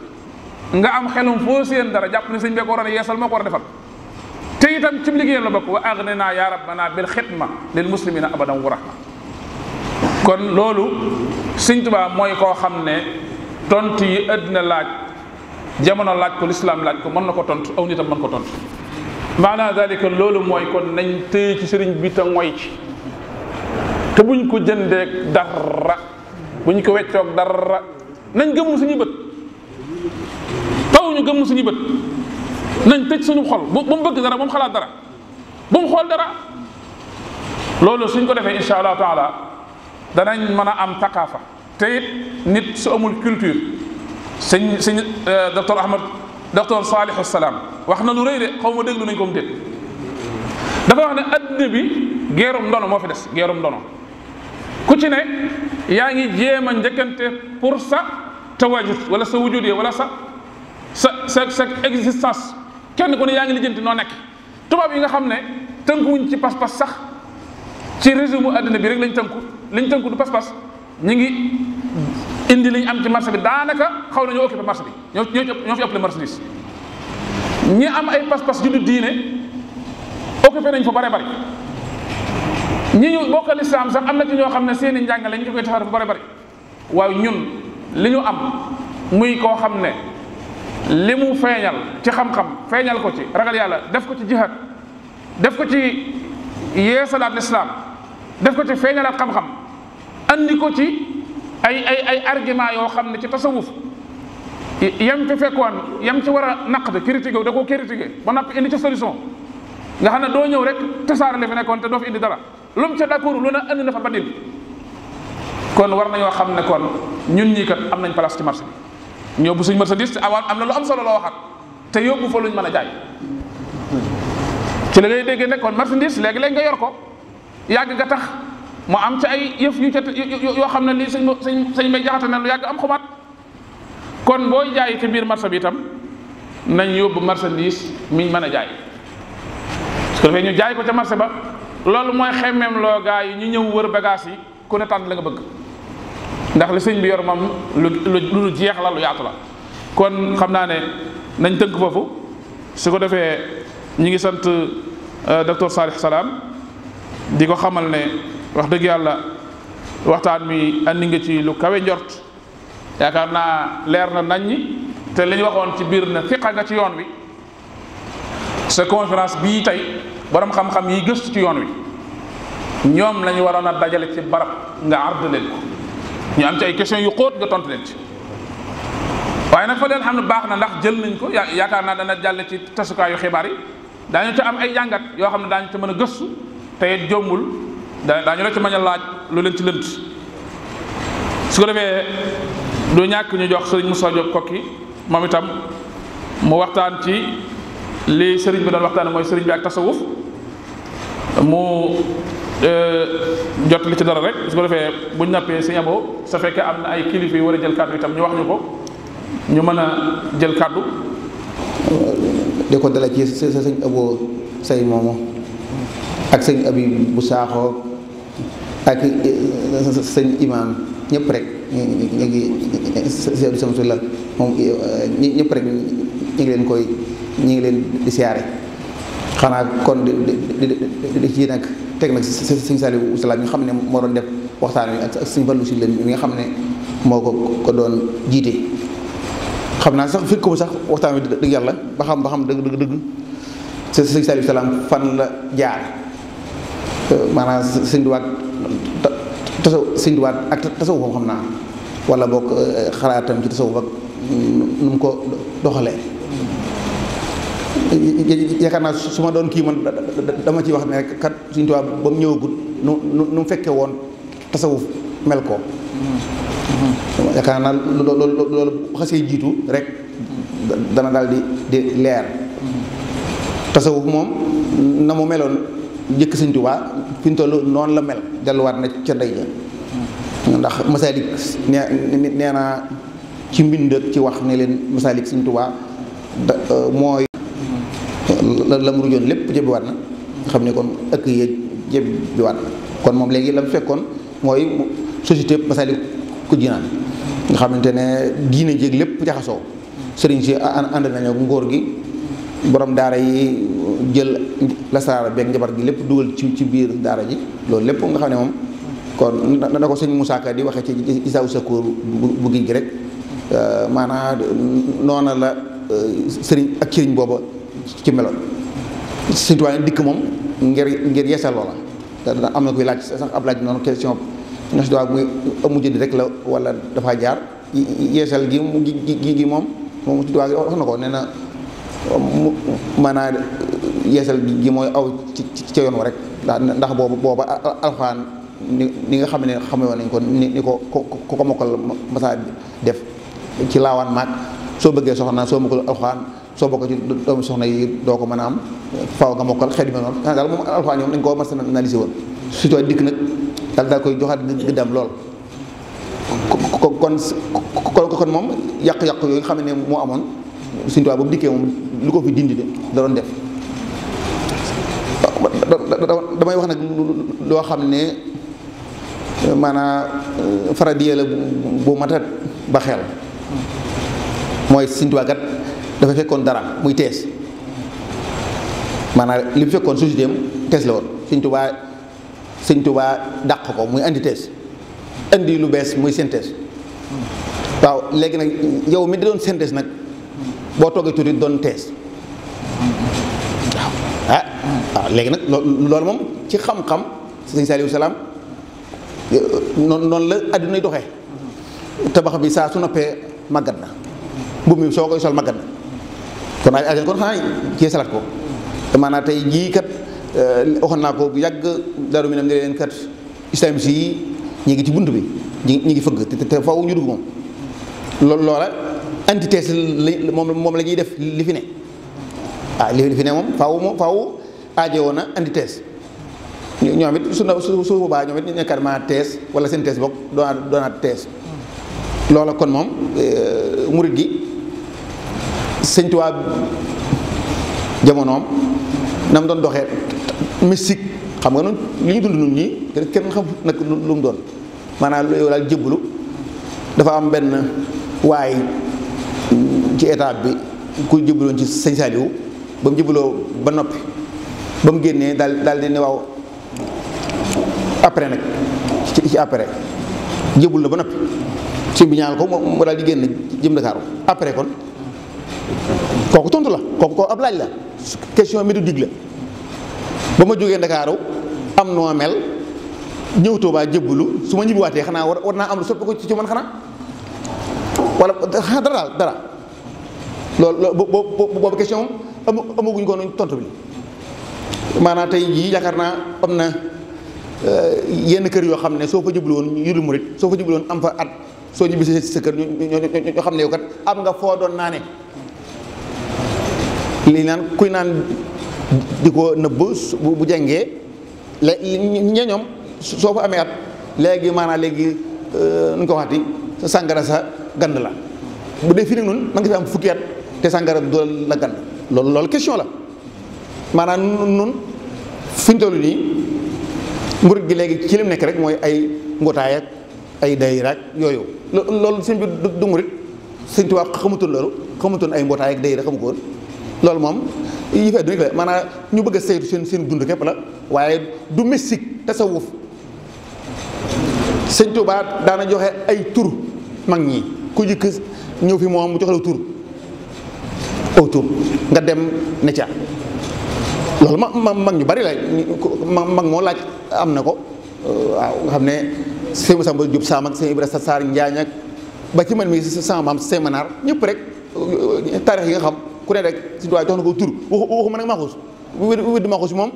nga am xelum foo seen dara jàpp ne sëñ bi ko waroon a yeesal moo ko war a defal te itam ci liggéeyam la bokk wa aghnina ya rabbana bil xidma lil muslimina abadan wa rahma kon loolu sëñ Tuubaa mooy koo xam ne tontu yi àddina laaj jamono laaj ko lislaam laaj ko mën na ko tontu aw nitam mën ko tontu. maanaa dalika loolu mooy kon nañ téye ci sëriñ bi te ngoy ci te buñ ko jëndeeg dara buñ ko weccoog dara nañ gëmm suñu bët taw ñu gëmm suñu bët nañ tëj suñu xol bu bëgg dara bu mu xalaat dara bu mu xool dara loolu suñ ko defee insha allahu taala danañ mën a am takaafa te it nit su culture sëñ sëñ euh, docteur Ahmad docteur Saalihu Salaam wax na lu rëy de xaw ma déglu nañ ko mu déet dafa wax ne adduna bi geerum ndono moo fi des geerum ndono ku ci ne yaa ngi jéem a njëkkante pour sa tawajud wala sa wujudee wala sa sa sa sa existence kenn ku ne yaa ngi lijjanti noo nekk tubaab yi nga xam ne tënkuwuñ ci pas-pas sax ci résumé adduna bi rek lañ tënku lañ tënku du pas-pas ñu ngi indi li ñu am ci marché bi daanaka xaw nañoo occupé marché bi ñoo ñoo fi ëppale marchandise ñi am ay pas-pas ju du diine occupé nañ fa bare bari ñi ñu bokk lislaam sax am na ci ñoo xam ne seeni njàngale ñu koy taxar fu bare bari waaye ñun li ñu am muy koo xam ne li mu feeñal ci xam-xam feeñal ko ci ragal yàlla def ko ci jihad def ko ci yeesalaat lislaam def ko ci feeñalaat xam-xam andi ko ci ay ay ay argument yoo xam ne ci tasawuf yam fekk fekkoon yam ci war a naq naqd critiqué da koo critiqué ba noppi indi ci solution nga xam ne doo ñëw rek tasaare li fi nekkoon te doo fi indi dara lu mu ca d'accord lu ne andi na fa badil kon war nañoo xam ne kon ñun ñii kat am nañ place ci marché bi ñëw bu suñ marchandise te awa am na lu am solo loo waxat te yóbbu fa luñ mën a jaay ci la ngay déggee ne kon marchandise léegi-léegi nga yor ko yàgg nga tax. mu am ci ay yëf yu ca yoo xam ne lii sañ sëñ may jaxate lu yàgg am xumaat kon booy jaay ci biir marché bi itam nañ yóbbu marchandise miñ mën a jaay su ko defee ñu jaay ko ca marché ba loolu mooy xemmeem loo gaa yi ñu ñëw wër bagaas yi ku ne tànn la nga bëgg ndax li sëñ bi yor moom lu lu jeex la lu yaatu la kon xam naa ne nañ tënk foofu su ko defee ñu ngi sant euh, docteur Salih Salam di ko xamal ne wax dëgg yàlla waxtaan mi andi nga ci lu kawe njort yaakaar naa leer na nañ ñi te li waxoon ci biir na fiqa nga ci yoon wi sa conférence bii tey borom xam-xam yi gëstu ci yoon wi ñoom la waroon a dajale ci barab nga ard leen ko ñu am ci ay question yu xóot nga tontu leen ci waaye nag fa leen xam ne baax na ndax jël nañ ko yaakaar naa dana jàll ci tasukaayu xibaar yi daañu ca am ay jàngat yoo xam ne daañu ca mën a gëstu te jombul da daañu ñu ci mañ laaj lu leen ci lënt su ko defee du ñàkk ñu jox sëriñ mu soo Diop kokki moom itam mu waxtaan ci li sëriñ bi doon waxtaan mooy sëriñ bi ak tasawuf mu euh, jot li ci dara rek su ko defee buñ nappee sëñ Abo sa fekkee am na ay kilifa yu jël kàddu itam ñu wax ñu ko ñu mën a jël kàddu di ko dala ci sëñ Abo say moomu ak sëñ Abib bu Saaxoo ak eh, sëñ imaam ñëpp rek ñu ngi Seydou Samsu la moom eh, ñëpp rek ñu ngi leen koy ñu ngi leen di siyaare xanaa kon di di ci nag teg nag sëñ Saliou Salaam ñu xam ne moo doon def waxtaan wi ak sëñ Fallu si leen mi nga xam ne moo ko ko doon jiite xam naa sax fir ko sax waxtaan wi dëgg yàlla ba xam ba xam dëgg dëgg dëgg sa Saliou Salaam fan la jaar maanaam sëñ duwaat tasaw sëñ duwaat ak tasaw foofu xam naa wala boog eh, xalaatam ci tasawuf ak ko doxalee yakaar naa su ma doon kii man dama ciy wax ne rek kat Sëñ ba mu ñëwagul nu nu mu fekkee woon tasawuf mel ko mm-hmm. yaakaar naa loolu loolu xasee jiitu rek dana daal di di leer mm-hmm. tasawuf moom na mu meloon njëkk sëñ Tuubaa fi ñu toll noonu la mel delluwaat na ca ndey ja ndax Masalik nee nee naa ci mbind ak ci wax ne leen Masalik sëñ Tuubaa da euh, mooy la la mu rujoon lépp jébbiwaat na nga xam ne kon ëkk yee jébbiwaat na kon moom léegi la mu fekkoon mooy société Masalik ku jinaan nga xamante ne diine jéeg lépp jaxasoo sëriñ si ànd nañu ngóor gi borom daara yi jël lasaraar beeg njabar gi lépp dugal ci ci biir daara ji loolu lépp nga xam ne moom kon na na ko sëñ Moussa Ka di waxee ci isaaw sakoor bu géej gi rek euh, maanaam noona la euh, sëriñ ak sëriñ booba ci meloon sëñ Tuubaa dikk moom ngir ngir yeesal loola da am na koy laaj sax ab laaj noonu question nga di rek la wala dafa jaar yeesal gi gi moom moom si Tuubaa wax na ko nee na maanaa yeesal gi mooy aw ci ca yoon wa rek ndax boobu booba alxuraan ni nga xam ne xam xamewoon nañ ko ni ko ko ko mokkal masaa def ci laawaan maag soo bëggee soxna soo mokkal alxuraan soo bokk soxna yi doo ko mën a am faaw nga mokkal xeet yu mel noonu daal moom alxuraan yi dañ koo marsanalisé woon surtout dikk nag daal daal koy joxaat gëddam lool kon kon kon moom yàq-yàq yooyu xam ne moo amoon suñu tubaab bu dikkee moom lu ko fi dindi de da doon def damay wax nag loo xam ne maanaam faradiye la bu matat ba xel mooy sintuwaagat dafa fekkoon dara muy tees maanaam li fekkoon société am tees la woon sëñ tubaa sëñ dàq ko muy andi tees andi lu bees muy synthèse waaw léegi nag yow mi di doon synthèse nag boo toogee turi doon tees waaw ah, ah, léegi nag loolu moom ci xam-xam sëñ sa Salaam eh, noonu noonu la addunay doxee tabax bi saa su noppee màggat na mbubb mi soo koy sol màggat na kon ay ay ko te maanaam tey jii kat eh, waxoon naa ko bu yàgg Daaru Minam ne leen kat islam yi ñu ngi ci bunt bi ñu ngi fëgg te te faw ñu dugg moom loolu loola antithèse la moom moom la ñuy def li fi ne ah li fi ne moom faaw moom faaw aajowoo na antithèse ñoom it su su su boobaa ñoom it ñu nekkaat ma thèse wala seen thèse bokk doonaat doonaat thèse loola kon moom eh, murit gi Sëñ Tuubaa jamonoom na mu doon doxee mystique xam nga noonu li ñu dund nun ñii kenn xam nag lu mu doon maanaam loolu daal jébbalu dafa am benn waay ci état bi ku jubaloon ci sëñ Saliou ba mu jubaloo ba noppi ba mu génnee daal daal di après nag ci ci après jubal na ba noppi sëñ bi ko mu daal di génn jëm Dakar après kon kooku tontu la kooku ko ab laaj la question mi du dig la ba ma jógee Dakar am noo mel ñëw Tuubaa jébbalu su ma ñibbiwaatee xanaa war war naa am lu soppi ko ci man xanaa. wala ah, dara daal dara loolu loolu boobu boobu question am amaguñ koo noonu tontu bi maanaam tey jii yaakaar naa am na eh, yenn kër yoo xam ne soo fa jublu woon ñu dul murit soo fa jublu woon am fa at soo ñibbisee si sa kër ñoo xam ne yow am nga foo doon naane lii naan kuy naan di ko nëbb bu jàngee ñe ñoom soo fa amee at léegi maanaam léegi eh, nu ñu ko waxati sàngara sa gand la bu dee fii nag noonu man nga fi am fukki at te sàngara du la gand loolu loolu question la maanaam nun fi toll nii nguur gi léegi ci lim nekk rek mooy ay mbootaay ak ay dayira ak yooyu lool sëñ bi du murit sëñ tubaab xamutoon loolu xamutoon ay mbootaay ak dayira xamu loolu moom yi fa dund la maanaam ñu bëgg a seen seen dund képp la waaye du mystique tasawuf sëñ tubaab daana joxe ay tur mag ñi ku jëkk ñëw fi moom mu jox la tur aw tur nga dem ne ca loolu ma mag ñu bari la ma mag moo laaj am na ko euh, waaw nga xam ne sëñ Samba Diop Saam ak sëñ Ibrahima Sarr Njaañ ak ba man mi sama maam sëñ Manar ñëpp rek euh, taarix yi nga xam ku ne rek si doy jox na ko tur waxu waxuma nag Maxuus wédd Maxuus moom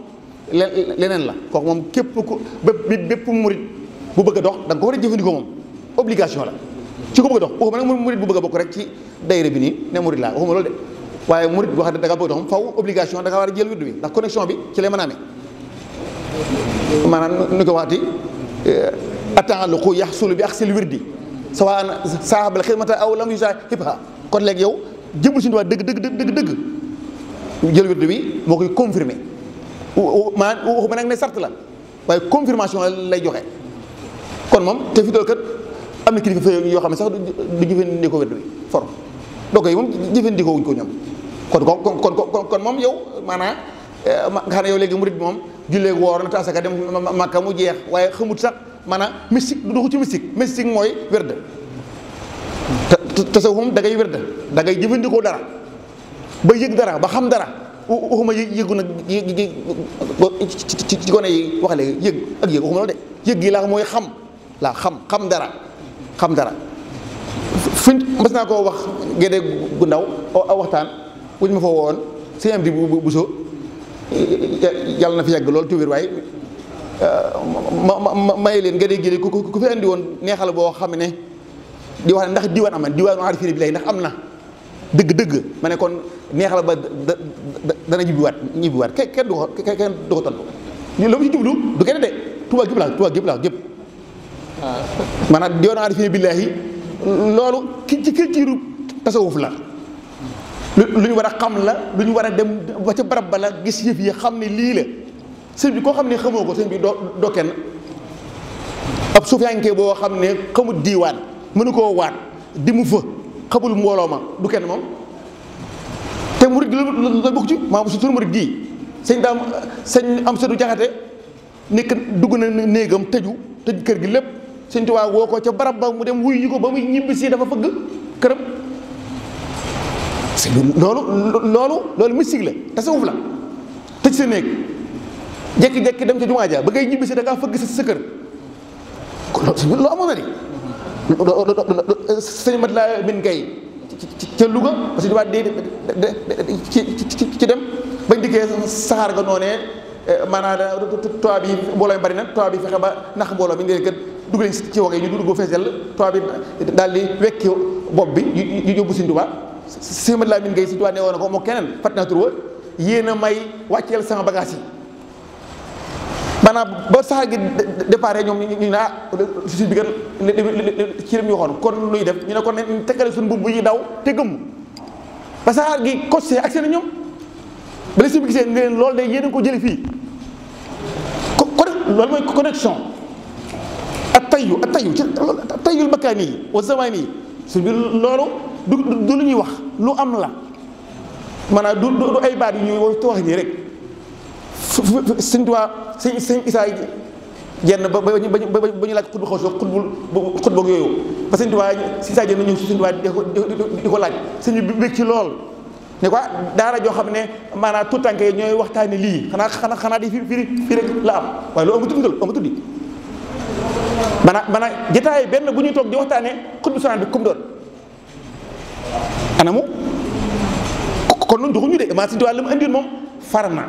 leneen la kooku moom képp ku bépp bépp murit bu bëgg dox da nga ko war a jëfandikoo moom obligation la ci ko bëgg a dox waxuma nag murid bu bëgg a bokk rek ci dayre bi nii ne murid laa waxuma loolu de waaye murid boo xam ne da nga bëgg a dox faw obligation da nga a jël wirdu bi ndax connexion bi ci lay mën a amee maanaam nu ko waxati eh, ataaluqu yaxsulu bi axsil wirdi sawaan saabal xidmata aw lam yusa hibha kon léegi yow jëbul suñu waa dëgg dëgg dëgg dëgg jël wirdu bi moo koy confirmer maanaam ne sart la waaye confirmation lay joxe kon moom te fi dool kat am na kilifa yoo xam ne sax du jëfandikoo wedd bi for donc yi moom jëfandikoo wuñ ko ñoom kon kon kon kon kon moom yow maanaam eh, nga xam ne yow léegi murid bi moom jullee woor na te asaka dem Makka mu jeex waaye xamut sax maanaam mystique du doxu ci mystique mystique mooy werd te tasawuf moom da ngay werd da ngay jëfandikoo dara ba yëg dara ba xam dara waxuma yëgu nag ci ci gone yi wax léegi yëg ak yëg waxuma loolu de yëg gi laa mooy xam laa xam xam dara xam dara fuñ mas naa koo wax gédé gu ndaw aw waxtaan buñ ma fa woon sëñ am di bu bu so yàlla na fi yàgg lool tuwér waaye ma ma may leen gédé gédé ku ku fi andi woon neexal boo xam ne di wax ne ndax diwaan am na diwaanu aarifina bi lay ndax am na dëgg dëgg ma ne kon neexal ba dana ñibbiwaat ñibbiwaat kenn du ko kenn du ko tontu ñu la mu ci jublu du kenn de Tuubaa gépp la Tuubaa gépp maanaam doon aarifiina billaahi loolu ki ci culture tasawuf la lu ñu war a xam la lu ñu war a dem ba ca barab ba la gis yëf yi xam ne lii la sëñ bi koo xam ne xamoo ko sëñ bi doo doo kenn ab suufiyanke boo xam ne xamul diiwaan mënu koo waat di mu fa xamul mbooloo ma du kenn moom te murid la la bokk ci maam su sunu murid gii sëñ daam sëñ am setu jaxate nekk dugg na néegam tëju tëj kër gi lépp sëñ Tuubaa woo ko ca barab ba mu dem wuy ji ko ba muy ñibbi si dafa fëgg këram loolu loolu loolu mystique la tasawuf la tëj sa néeg jékki-jékki dem ca jumaa ja ba ngay ñibbi si da ngaa fëgg sa sa kër loolu amoon mat laa min gay ca Louga parce que di ci ci ci dem bañ dikkee saxaar ga noonee eh, maanaam toit bi mbooloo bari na toit bi fexe ba nax mbooloo mi ngeen gën dugal ci wax yi ñu dugg ko fees dell toit bi daal di bopp bi ñu yóbbu Sëñ Tuubaa Sëñ Mat Lamin Gay Sëñ Tuubaa nee woon na ko moo keneen fat naa tur wa yéen a may wàcceel sama bagage yi maanaam ba saxaar gi déparé ñoom ñu ne ah suuf bi ñu luy def ñu ne kon nañ tekkale suñu mbubb yi daw te gëmm ba saxaar ak seen ñoom ba la si gisee ngeen loolu day yéen a ko jële fii kon loolu mooy connexion ak tayyu ak tayyu ci tayyul makaani yi wa zamani yi suñ bi loolu du du lu ñuy wax lu am la maanaam du du ay baat yu ñuy wax wax nii rek sëñ Tuubaa sëñ sëñ Isaa jenn ba ba ba ba sëñ Tuubaa si Isaa jenn ñëw si sëñ Tuubaa di ko di lool daara joo xam ne maanaam tuutànke ñooy waxtaane lii xanaa xanaa xanaa di fi firi fii rek la am waaye loolu ama tuddal ama tuddi maanaam maanaam jotaay benn bu ñuy toog di waxtaanee xutbu samaan bi kum doon anamu kon loolu joxuñu de maa si tuwaat li mu indi moom far na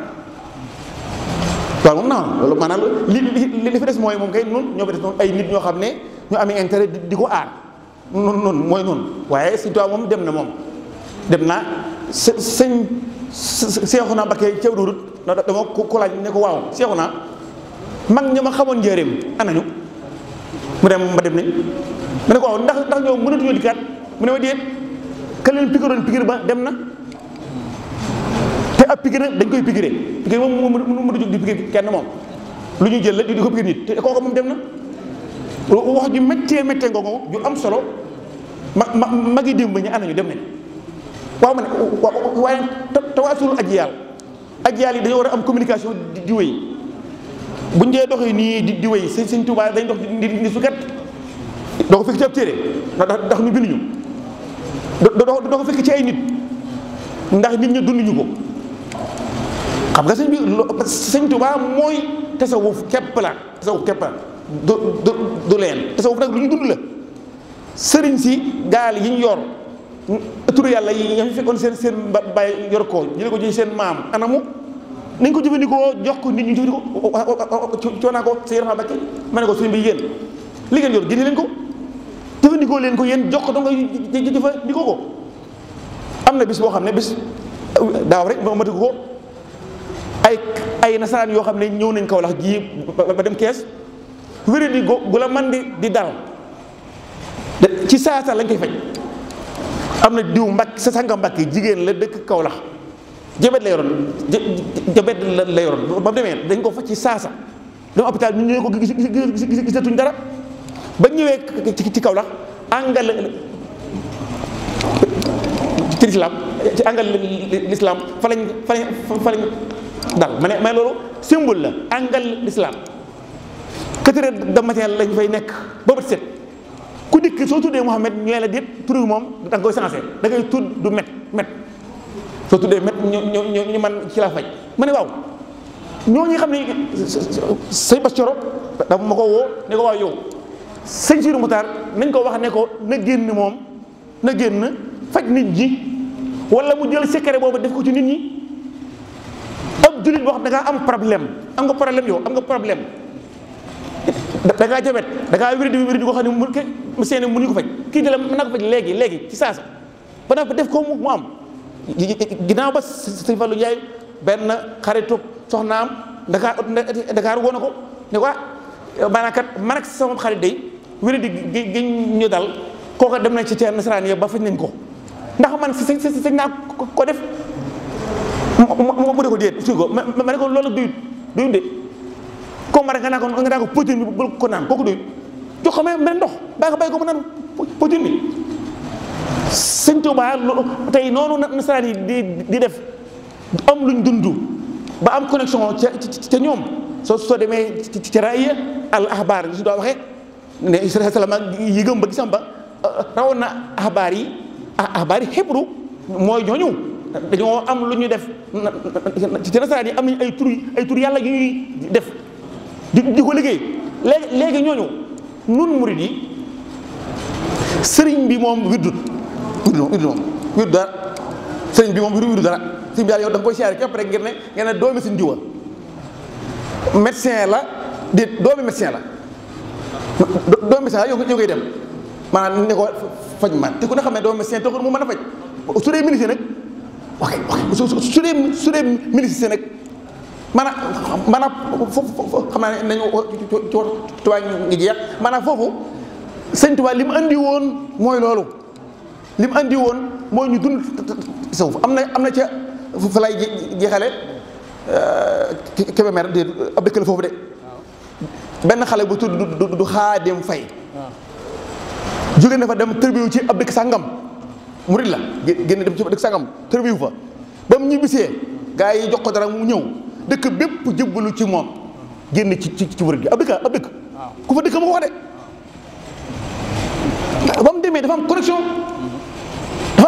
waaw moom naa loolu maanaam li li li fi des mooy moom kay noonu ñoo fi des moom ay nit ñoo xam ne ñu amee intérêt di ko aar noonu noonu mooy noonu waaye si moom dem na moom dem na së sëñ seexu naa Mbakke ceeb dama ko ko laaj ne ko waaw seexu naa mag ña ma xamoon njëriñ anañu mu dem ma dem ni ma ne ko waaw ndax ndax ñoo mënatuñoo dikkaat mu ne ma déet ka leen pikiroon pikir ba dem na te ab pikir dañ koy pikiré pikir moom mu mënut a jóg di pikir kenn moom lu ñu jël la di ko pikir nit te kooku moom dem na wax ju méttee méttee ngoogu ju am solo ma ma magi démb ñu ànd ñu dem nañ waaw ma ne waaye tawaasul ajiyaal ajiyaal yi dañoo war a am communication di wéy bu ñu dee doxee nii di di wéy sëñ sëñ dañ dox di di su kat doo ko fekk ci ab téere ndax ndax ñu binduñu doo ko fekk ci ay nit ndax nit ñi dunduñu ko xam nga sëñ bi sëñ Tuubaa mooy tasawuf képp la tasawuf képp la du du leen tasawuf nag lu ñu dund la sëriñ si gaal yi ñu yor turu yàlla yi nga fi fekkoon seen seen baay yor ko jële ko ci seen maam anamu nañ ko jëfandikoo jox ko nit ñu jëfandikoo coonaa ko sa yarafa Mbàkke ma ne ko sëñ bi yéen li ngeen yor génne leen ko jëfandikoo leen ko yéen jox ko dong jëfandikoo ko am na bis boo xam ne bis daaw rek ma matiku ko ay ay nasaraan yoo xam ne ñëw nañ Kawlax ji ba dem kees wéri di gu la man di di dal ci saasa lañ koy faj am na diw mbàkk sa sanga mbàkk jigéen la dëkk Kawlax jabet la yoroon jabet la yoroon ba mu demee dañ ko fa ci saasa dem hôpital ñu ñëwee ko gisatuñ dara ba ñëwee ci kaw la àngal ci lislaam ci àngal lislaam fa lañ fa lañ fa lañ dal ma ne ma ne loolu symbole la àngal lislaam quatre heures de matin lañ fay nekk ba bët set ku dikk soo tuddee Mouhamed ñu leen la déet tur bi moom da nga koy sensé da ngay tudd du met met soo tuddee met ñoo ñu man ci laa faj ma ne ñoo ñooñu xam ne sëñ Bass Coro dafa ma ko woo ne ko waaw yow sëñ nañ ko wax ne ko na génn moom na génn faj nit ji wala mu jël secret boobu def ko ci nit ñi ab jullit boo xam da ngaa am problème am nga problème yow am nga problème da ngaa jabet da ngaa wér di wér di ko xam ne mu seeni mënuñu ko faj kii di la mën na ko faj léegi léegi ci saasa ba def ko mu am ginnaaw ba sëñ Fallou Ndiaye benn xaritu soxnaam Dakar Dakar woo na ko ne ko ah, maanaam kat man ak sama xarit day wér di gi ñu dal kooka nañ ci ca nasaraan ya ba fañ nañ ko ndax man si si si naa ko def mu mu de ko déet suñ ko ma ma ne ko loolu duyut duyut de koo ma rek nga naa ko nga naa ko potin bi bul ko naan kooku duyut jox ko ma ndox bàyyi ko bàyyi ko mu naan potin bi sëñ Tuubaa tey noonu nasaraan yi di def am luñ dund ba am connexion ca ñoom soo soo demee ci raaya al ahbaar li su daa waxee ne salama yi ba gisam ba euh, rawoon na ahbaar yi ahbaar yi xebru mooy ñooñu dañoo am lu ñu def ci nasaraan yi am nañu ay tur ay tur yàlla yu def di di ko liggéey léegi léegi nun murid yi sëriñ bi moom wirdut wirdu moom wirdu moom wirdu dara sëriñ bi moom wirdu dara sëriñ bi daal yow da koy siyaare képp rek ngir ne ngeen ne doomi sëriñ diwa médecin la doomi médecin la doomi médecin la yow koy dem maanaam ne ko faj man ne xam ne a faj su dee su dee su dee ministre nag maanaam maanaam foofu xam naa ne nañu ci tubaab ngi jeex mooy loolu li indi andi woon mooy ñu dund tasawuf am na am na ca fa lay jeexale euh, Kébémer de ab dëkk la foofu de benn xale bu tudd du Xaadim Fay jóge na fa dem tërbiwu ci ab dëkk sàngam murit la génn dem ci ab dëkk sàngam tërbiwu fa ba ñibbisee gaa yi jox ko dara mu ñëw dëkk bépp jëbbalu ci moom génn ci ci ci murit gi ab dëkk ab dëkk ku fa dëkk ma ko wax de ba demee dafa am connexion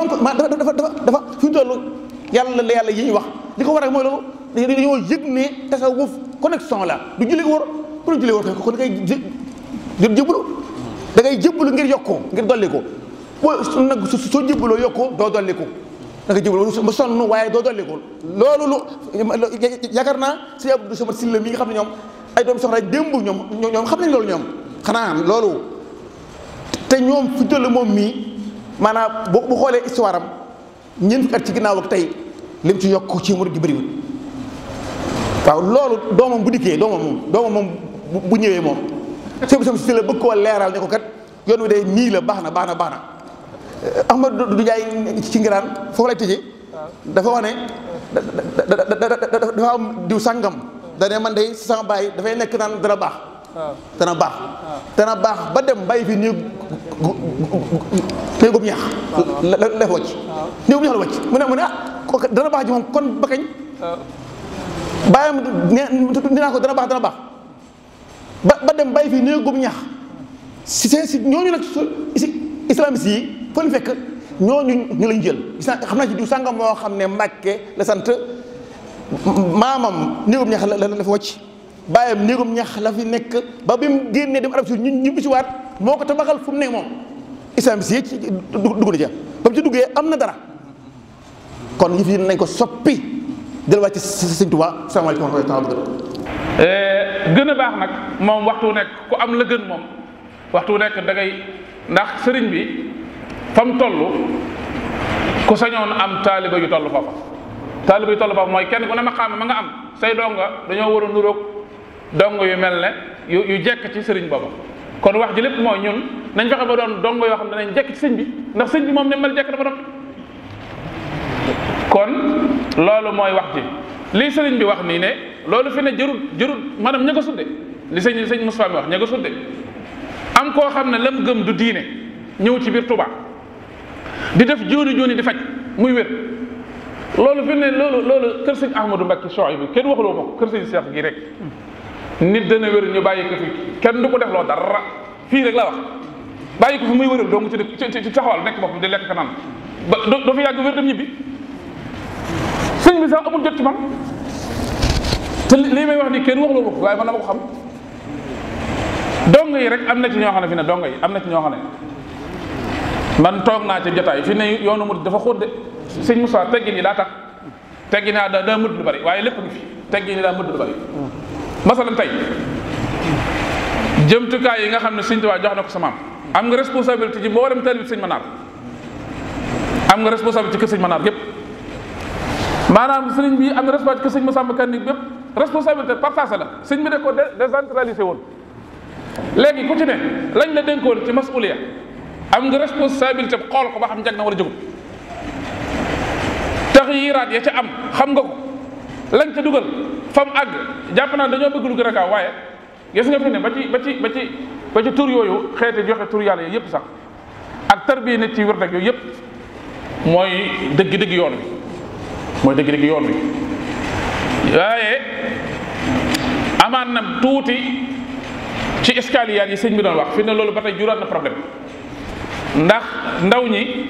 ma ko dafa dafa dafa fi ñu toll yàlla la yàlla yi ñuy wax li ko waral mooy loolu dañoo yëg ne tasawuf connexion la du julli war ku ne julli war ko kon da ngay jébbalu da ngay jébbalu ngir yokkoo ngir dolli ko boo nag soo jébbaloo yokkoo doo dolli ko da nga jébbalu ba sonn waaye doo dolli ko loolu lu yaakaar naa si Abdou Samad Sylla mi nga xam ne ñoom ay doom soxna démb ñoom ñoom xam nañ loolu ñoom xanaa loolu te ñoom fi ñu toll moom mii. maanaam boo bu xoolee histoire am ñeent fukki at ci ginnaaw ak tey lim ci yokk ci murid gi bëriwul waaw loolu doomam bu dikkee doomam moom doomam moom bu ñëwee moom sëñ sam si la bëgg koo leeral ne ko kat yoon wi day nii la baax na baax na baax na Ahmadou du jaay ci ngiraan foofu lay tëjee dafa wax ne dafa am diw sàngam da man day sama baay dafay nekk naan dana baax dana baax dana baax ba dem bàyyi fi néeg néegum ñax la def wàcc néegum ñax la wàcc mu ne mu ne ah dana baax ji moom kon ba kañ bàyyam nee naa ko dana baax dana baax ba ba dem bàyyi fi néegum ñax si seen si ñooñu nag islamiste yi fa fekk ñooñu ñu lañ jël gis naa xam naa ci diw sàngam moo xam ne Mbàkke la sant maamam néegum ñax la la fa wàcc bàyyam néegum ñax la fi nekk ba bi mu génnee dem arab si ñu ñibbi si moo ko tabaxal fu mu nekk moom islam si ci dugg na ca duggee am na dara kon yëf yi nañ ko soppi delluwaat ci sëñ Tuubaa salaamaaleykum wa rahmatulah eh, gën a baax nag nekk ku am la gën moom waxtu nekk da ngay sëriñ bi fa mu toll ku sañoon am taaliba yu toll foofa taaliba yu toll foofa mooy kenn ku ne ma xam ma nga am say donga dañoo war a nuroog dong yu mel ne yu yu jekk ci sëriñ booba kon wax ji lépp mooy ñun nañ fexe ba doon dong yoo xam ne danañ jekk ci sëñ bi ndax sëñ bi moom ne mel jekk dafa noppi kon loolu mooy wax ji lii sëriñ bi wax nii ne loolu fi ne jërut jërut maanaam ña ko li sëñ sëñ Moussa mi wax ña ko sudde am koo xam ne lam gëm du diine ñëw ci biir tubaa di def jooni jooni di faj muy wér loolu fi ne loolu loolu kër sëñ Ahmadou Mbacké Souhaïbou kenn waxuloo ma ko kër sëñ gi rek nit dana wér ñu bàyyi ko fi kenn du ko def loo dara fii rek la wax bàyyi ko fi muy wéral dong ci dëkk ci taxawal nekk boppam di lekk ka naan ba doo fi yàgg wér dem ñibbi sëñ bi sax amul jot ci man te lii may wax kenn wax loolu waaye man dama ko xam dong yi rek am na ci ñoo xam ne fi ne dong yi am na ci ñoo xam ne man toog naa ci jotaay fi ne yoonu mu defa xóot de sëñ Moussa teggin yi daa tax teggin naa daa mëdd lu bari waaye lépp ngi fi teggin yi daa mëdd lu bari masalan tey jëmtukaay yi nga xam ne Sëñ waa jox na ko sa maam am nga responsabilité ci mboolem taalib Sëñ Manaar am nga responsabilité ci kër Sëñ Manaar gépp maanaam sëriñ bi am na responsabilité kër Sëñ Masamba Kanni bépp responsabilité partagée la sëñ bi de ko décentralisé woon léegi ku ci ne lañ la dénkoon ci masuliya am nga responsabilité xool ko ba xam njag na war a jógub tax yiiraat am xam nga lañ ca dugal fa àgg jàpp naa dañoo bëgg lu gën waaye gis nga fi ne ba ci ba ci ba ci ba yooyu xeeti joxe tur yàlla yooyu yëpp sax ak tarbiya nit ci wér mooy dëgg-dëgg yoon bi mooy dëgg-dëgg yoon bi waaye amaan na tuuti ci escalier yi sëñ bi doon wax fi ne loolu ba tey juraat na problème ndax ndaw ñi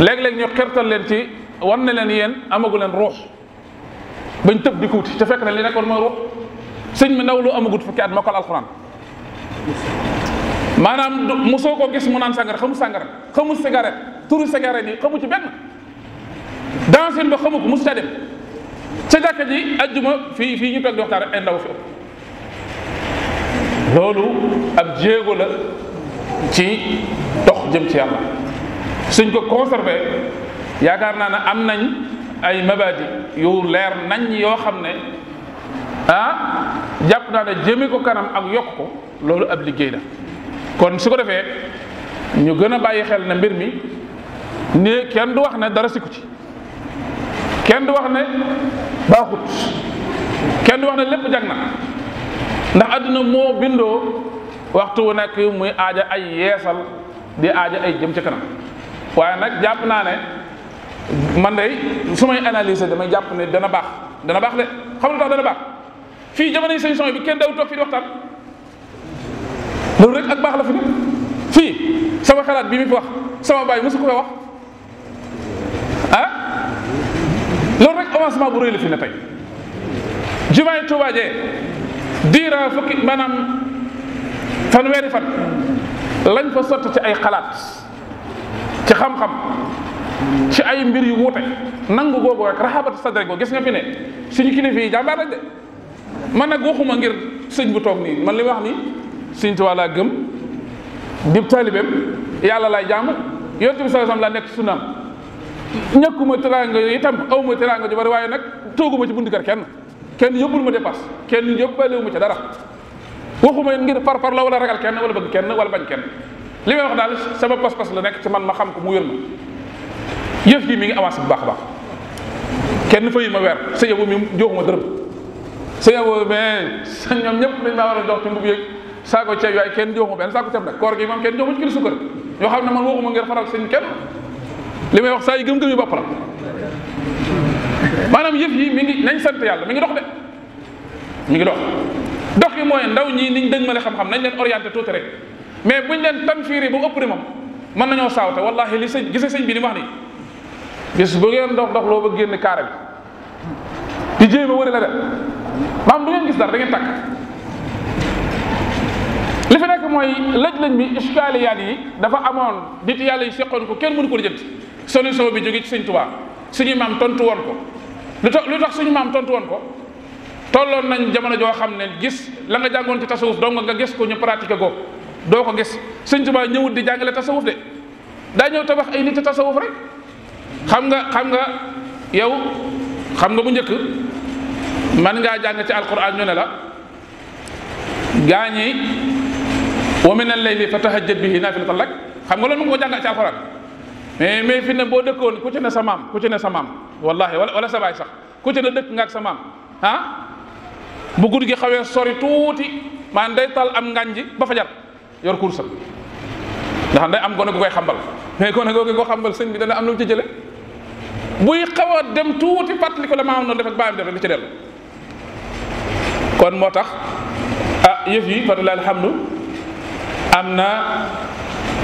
léeg-léeg ñu xertal leen ci war na leen yéen amagu leen ruux bañ tëb di ko wuti te fekk na li nekkoon mooy ruux sëñ bi ndaw lu amagut fukki at mokkal alxuraan maanaam mosoo ko gis mu naan sàngara xamu sàngara xamu cigarette turu cigarette yi xamu ci benn dansin ba xamu ko mos ta dem ca ji ajjuma fii fii ñu toog di waxtaan ay ndaw fi loolu ab jéego la ci tox jëm ci yàlla suñ ko conservé yaakaar naa ne am nañ ay mabadi yu leer nañ yoo xam ne ah jàpp naa ne jëmi ko kanam am yokk ko loolu ab liggéey la kon su ko defee ñu gën a bàyyi xel ne mbir mi kenn du wax ne dara siku ci kenn du wax ne baaxut kenn du wax ne lépp jag na ndax àdduna moo bindoo waxtu wu nekk muy aaja ay yeesal di aaja ay jëm ci kanam waaye nag jàpp naa ne man day su may analyser damay jàpp ne dana baax dana baax de xam nga dana baax fii jamonoy sëñ son bi kenn daw toog fii di waxtaan loolu rek ak baax la fi ne fii sama xalaat bi mi fi wax sama baay mosu ko fa wax ah loolu rek avancement bu rëy la fi ne tey jumaay Tuubaa jee diira fukki maanaam fanweeri fan lañ fa sotti ci ay xalaat ci xam-xam ci ay mbir yu wuute nangu googu rek raxabatu sadre googu gis nga fi ne suñu kilifa yi jàmbaar lañ de man nag waxuma ngir sëñ bu toog nii man li wax ni sëñ Tuubaa laa gëm dib taalibeem yàlla laay jaamu yonent bi sallallahu alayhi wasallam laa nekk sunnaam ñàkkuma teraanga yooyu itam awma teraanga ju bari waaye nag tooguma ci buntu kër kenn kenn yóbbul ma kenn yóbbalewu ma ci dara waxuma ngir par par la wala kenn wala bëgg kenn wala bañ kenn li may sama pas-pas la nekk ci man ma xam ko mu wér ma yëf yi mi ngi avancé bu baax a baax kenn fayu ma weer sa yow mi joxuma dërëm sa yow mais sa ñoom ñëpp dañ maa war a jox ci mbubb yeeg saako ceeb yaay kenn joxuma benn saako ceeb nag koor gi moom kenn joxuma ci kilo sukkar yoo xam ne man waxuma ngir faral seen kenn li may wax saa yi gëm-gëm yi bopp la maanaam yëf yii mi ngi nañ sant yàlla mi ngi dox de mi ngi dox dox yi mooy ndaw ñi niñ dañ ma le xam-xam nañ leen orienté tuuti rek mais buñ leen tanfiiri ba ëpp moom mën nañoo saawte wallahi li sëñ gisee sëñ bi ni wax nii bis bu ngeen dox dox loo ba génn kaara bi di jéem a wëri la dem maam du ngeen gis dara da ngeen li fi nekk mooy lëj-lëj bi iskaaliyaan yi dafa amoon nit yàlla yi seqoon ko kenn mënu ko jënd solution bi jóge ci sëñ Tuubaa suñu maam tontu woon ko lu tax lu tax suñu maam tontu woon ko tolloon nañ jamono joo xam ne gis la nga jàngoon ci tasawuf dong nga gis ko ñu pratiqué ko doo ko gis sëñ Tuubaa ñëwut di jàngale tasawuf de daa ñëw tabax ay nit tasawuf rek xam nga xam nga yow xam nga bu njëkk man ngaa jàng ci alquran ñu ne la gaa ñi wa min al-layli fa tahajjad bihi naafilatan lak xam nga loolu mën nga ko jàng ci alquran mais mais fi ne boo dëkkoon ku ci ne sa maam ku ci ne sa maam wallahi wala wala sax ku ci ne dëkk nga ak sa bu guddi gi xawee sori tuuti maanaam day tal am ngànji ba fajar yor kursa ndax day am gone gu koy xambal mais gone googu ko xambal sëñ bi dana am lu mu ci buy xaw a dem tuuti fàttali ko la maam noonu def ak baayam def li ci dellu kon moo tax ah yëf yi fadula alhamdu am na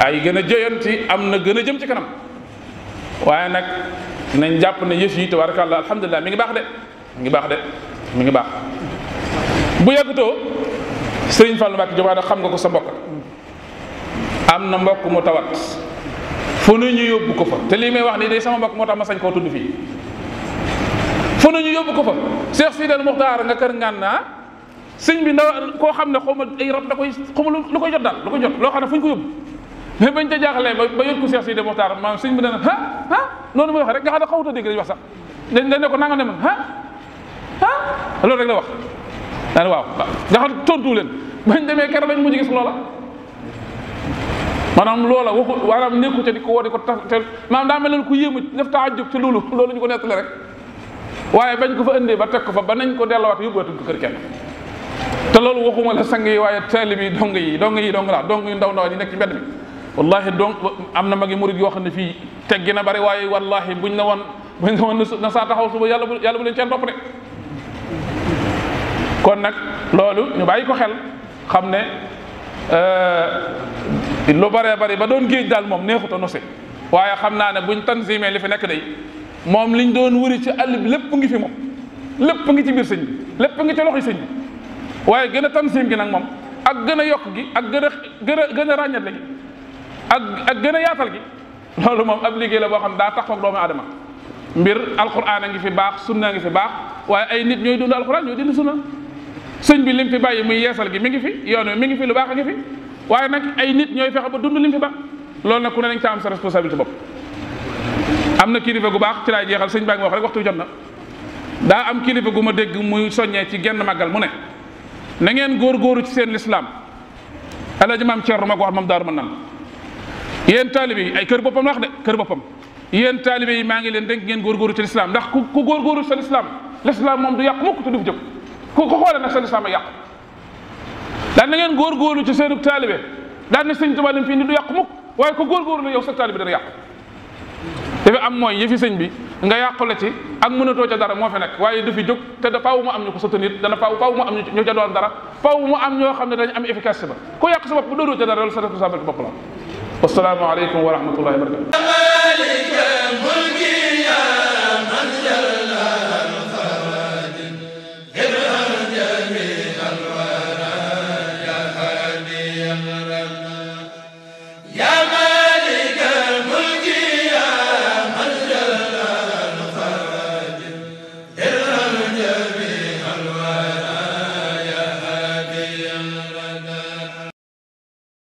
ay gën a jëyanti am na gën a jëm ci kanam waaye nag nañ jàpp na yëf yi tabarakallah alhamdulilah mi ngi baax de mi ngi baax de mi ngi baax bu yàggutoo Sëriñ Fallu Mbàkke Jobaada xam nga ko sa mbokk am na mbokk mu tawat fu ne ñu yóbbu ko fa te lii may wax nii day sama mbokk moo tax ma sañ koo tudd fii fu ne ñu yóbbu ko fa Cheikh Sidal Muxtaar nga kër ngaan naa ah, sëñ bi ndaw koo xam ne xaw ma ay da koy xaw lu koy jot daal lu koy jot loo xam ne fu ñu ko yóbbu mais bañ ca jaaxlee ba ba yóbbu ko Cheikh Sidal Muxtaar maanaam sëñ bi dana ah ah noonu may wax rek nga xam ne xawut a dégg dañu wax sax dañ dañ ne ko nanga ne ma ah ah loolu rek la wax daane waaw nga xam tontu leen bañ demee keroog lañ mujj gis loola maanaam loola waxu maanaam nekku ca di ko woo di ko ta te maanaam daa mel ne ku yéemu def taajub ci loolu loolu ñu ko nettali rek waaye bañ ko fa indee ba teg ko fa ba nañ ko delluwaat yóbbuwaatuñ ko kër kenn te loolu waxuma la sang yi waaye taalib yi dong yi dong yi dong laa dong yu ndaw ndaw yi nekk ci mbedd mi wallahi dong am na magi murid yoo wax na fii teggi na bari waaye wallahi buñ na woon buñ na woon na saa taxaw suba yàlla bu yàlla bu leen ceen topp de kon nag loolu ñu bàyyi ko xel xam ne Euh, lu bëree bëri ba doon géej daal moom neexut a nose waaye xam naa ne buñ tanzimee li fi nekk day moom liñ doon wëri ci àll bi lépp ngi fi moom lépp ngi ci biir sëñ bi lépp ngi ci loxoy sëñ bi waaye gën a tanzim gi nag moom ak gën a yokk gi ak gën a gën a gën a gën a yaatal gi loolu moom ab liggéey la boo xam daa taxoog doomu aadama mbir alquran a ngi fi baax sunna a ngi fi baax waaye ay nit ñooy dund alquran ñooy dund sunna sëñ bi lim fi bàyyi muy yeesal gi mi ngi fi yoon wi mi ngi fi lu baax a ngi fi waaye nag ay nit ñooy fexe ba dund lim fi ba loolu na ku ne dañ ca am sa responsabilité bopp am na kilifa gu baax ci laay jeexal sëñ baa ngi wax rek waxtu jot na daa am kilifa gu ma dégg muy soññee ci genn màggal mu ne nangeen góor góoru ci seen lislaam alaaji maam Cerno ma ko wax moom daaru ma nan yéen taalibe yi ay kër boppam wax de kër boppam yéen taalibe yi maa ngi leen dénk ngeen góorgóoru ci lislaam ndax ku góorgóoru ci sa lislaam lislaam moom du yàq mukk te du fi ku ko xoolee nag seen islam yàqu daan na ngeen góorgóorlu ci seenub taalibe daan na sëñ Tuubaa lim fii ni du yàqu mukk waaye ko góorgóorlu yow sa taalibe dana yàqu dafa am mooy yëfi sëñ bi nga yàqule ci ak mënatoo ca dara moo fi nekk waaye du fi jóg te da faaw mu am ñu ko soutenir dana faaw faaw mu am ñu ca doon dara faaw mu am ñoo xam ne dañu am efficacité ba ku yàq sa bopp bu doodoo ca dara loolu sa responsabilité bopp aleykum wa rahmatullahi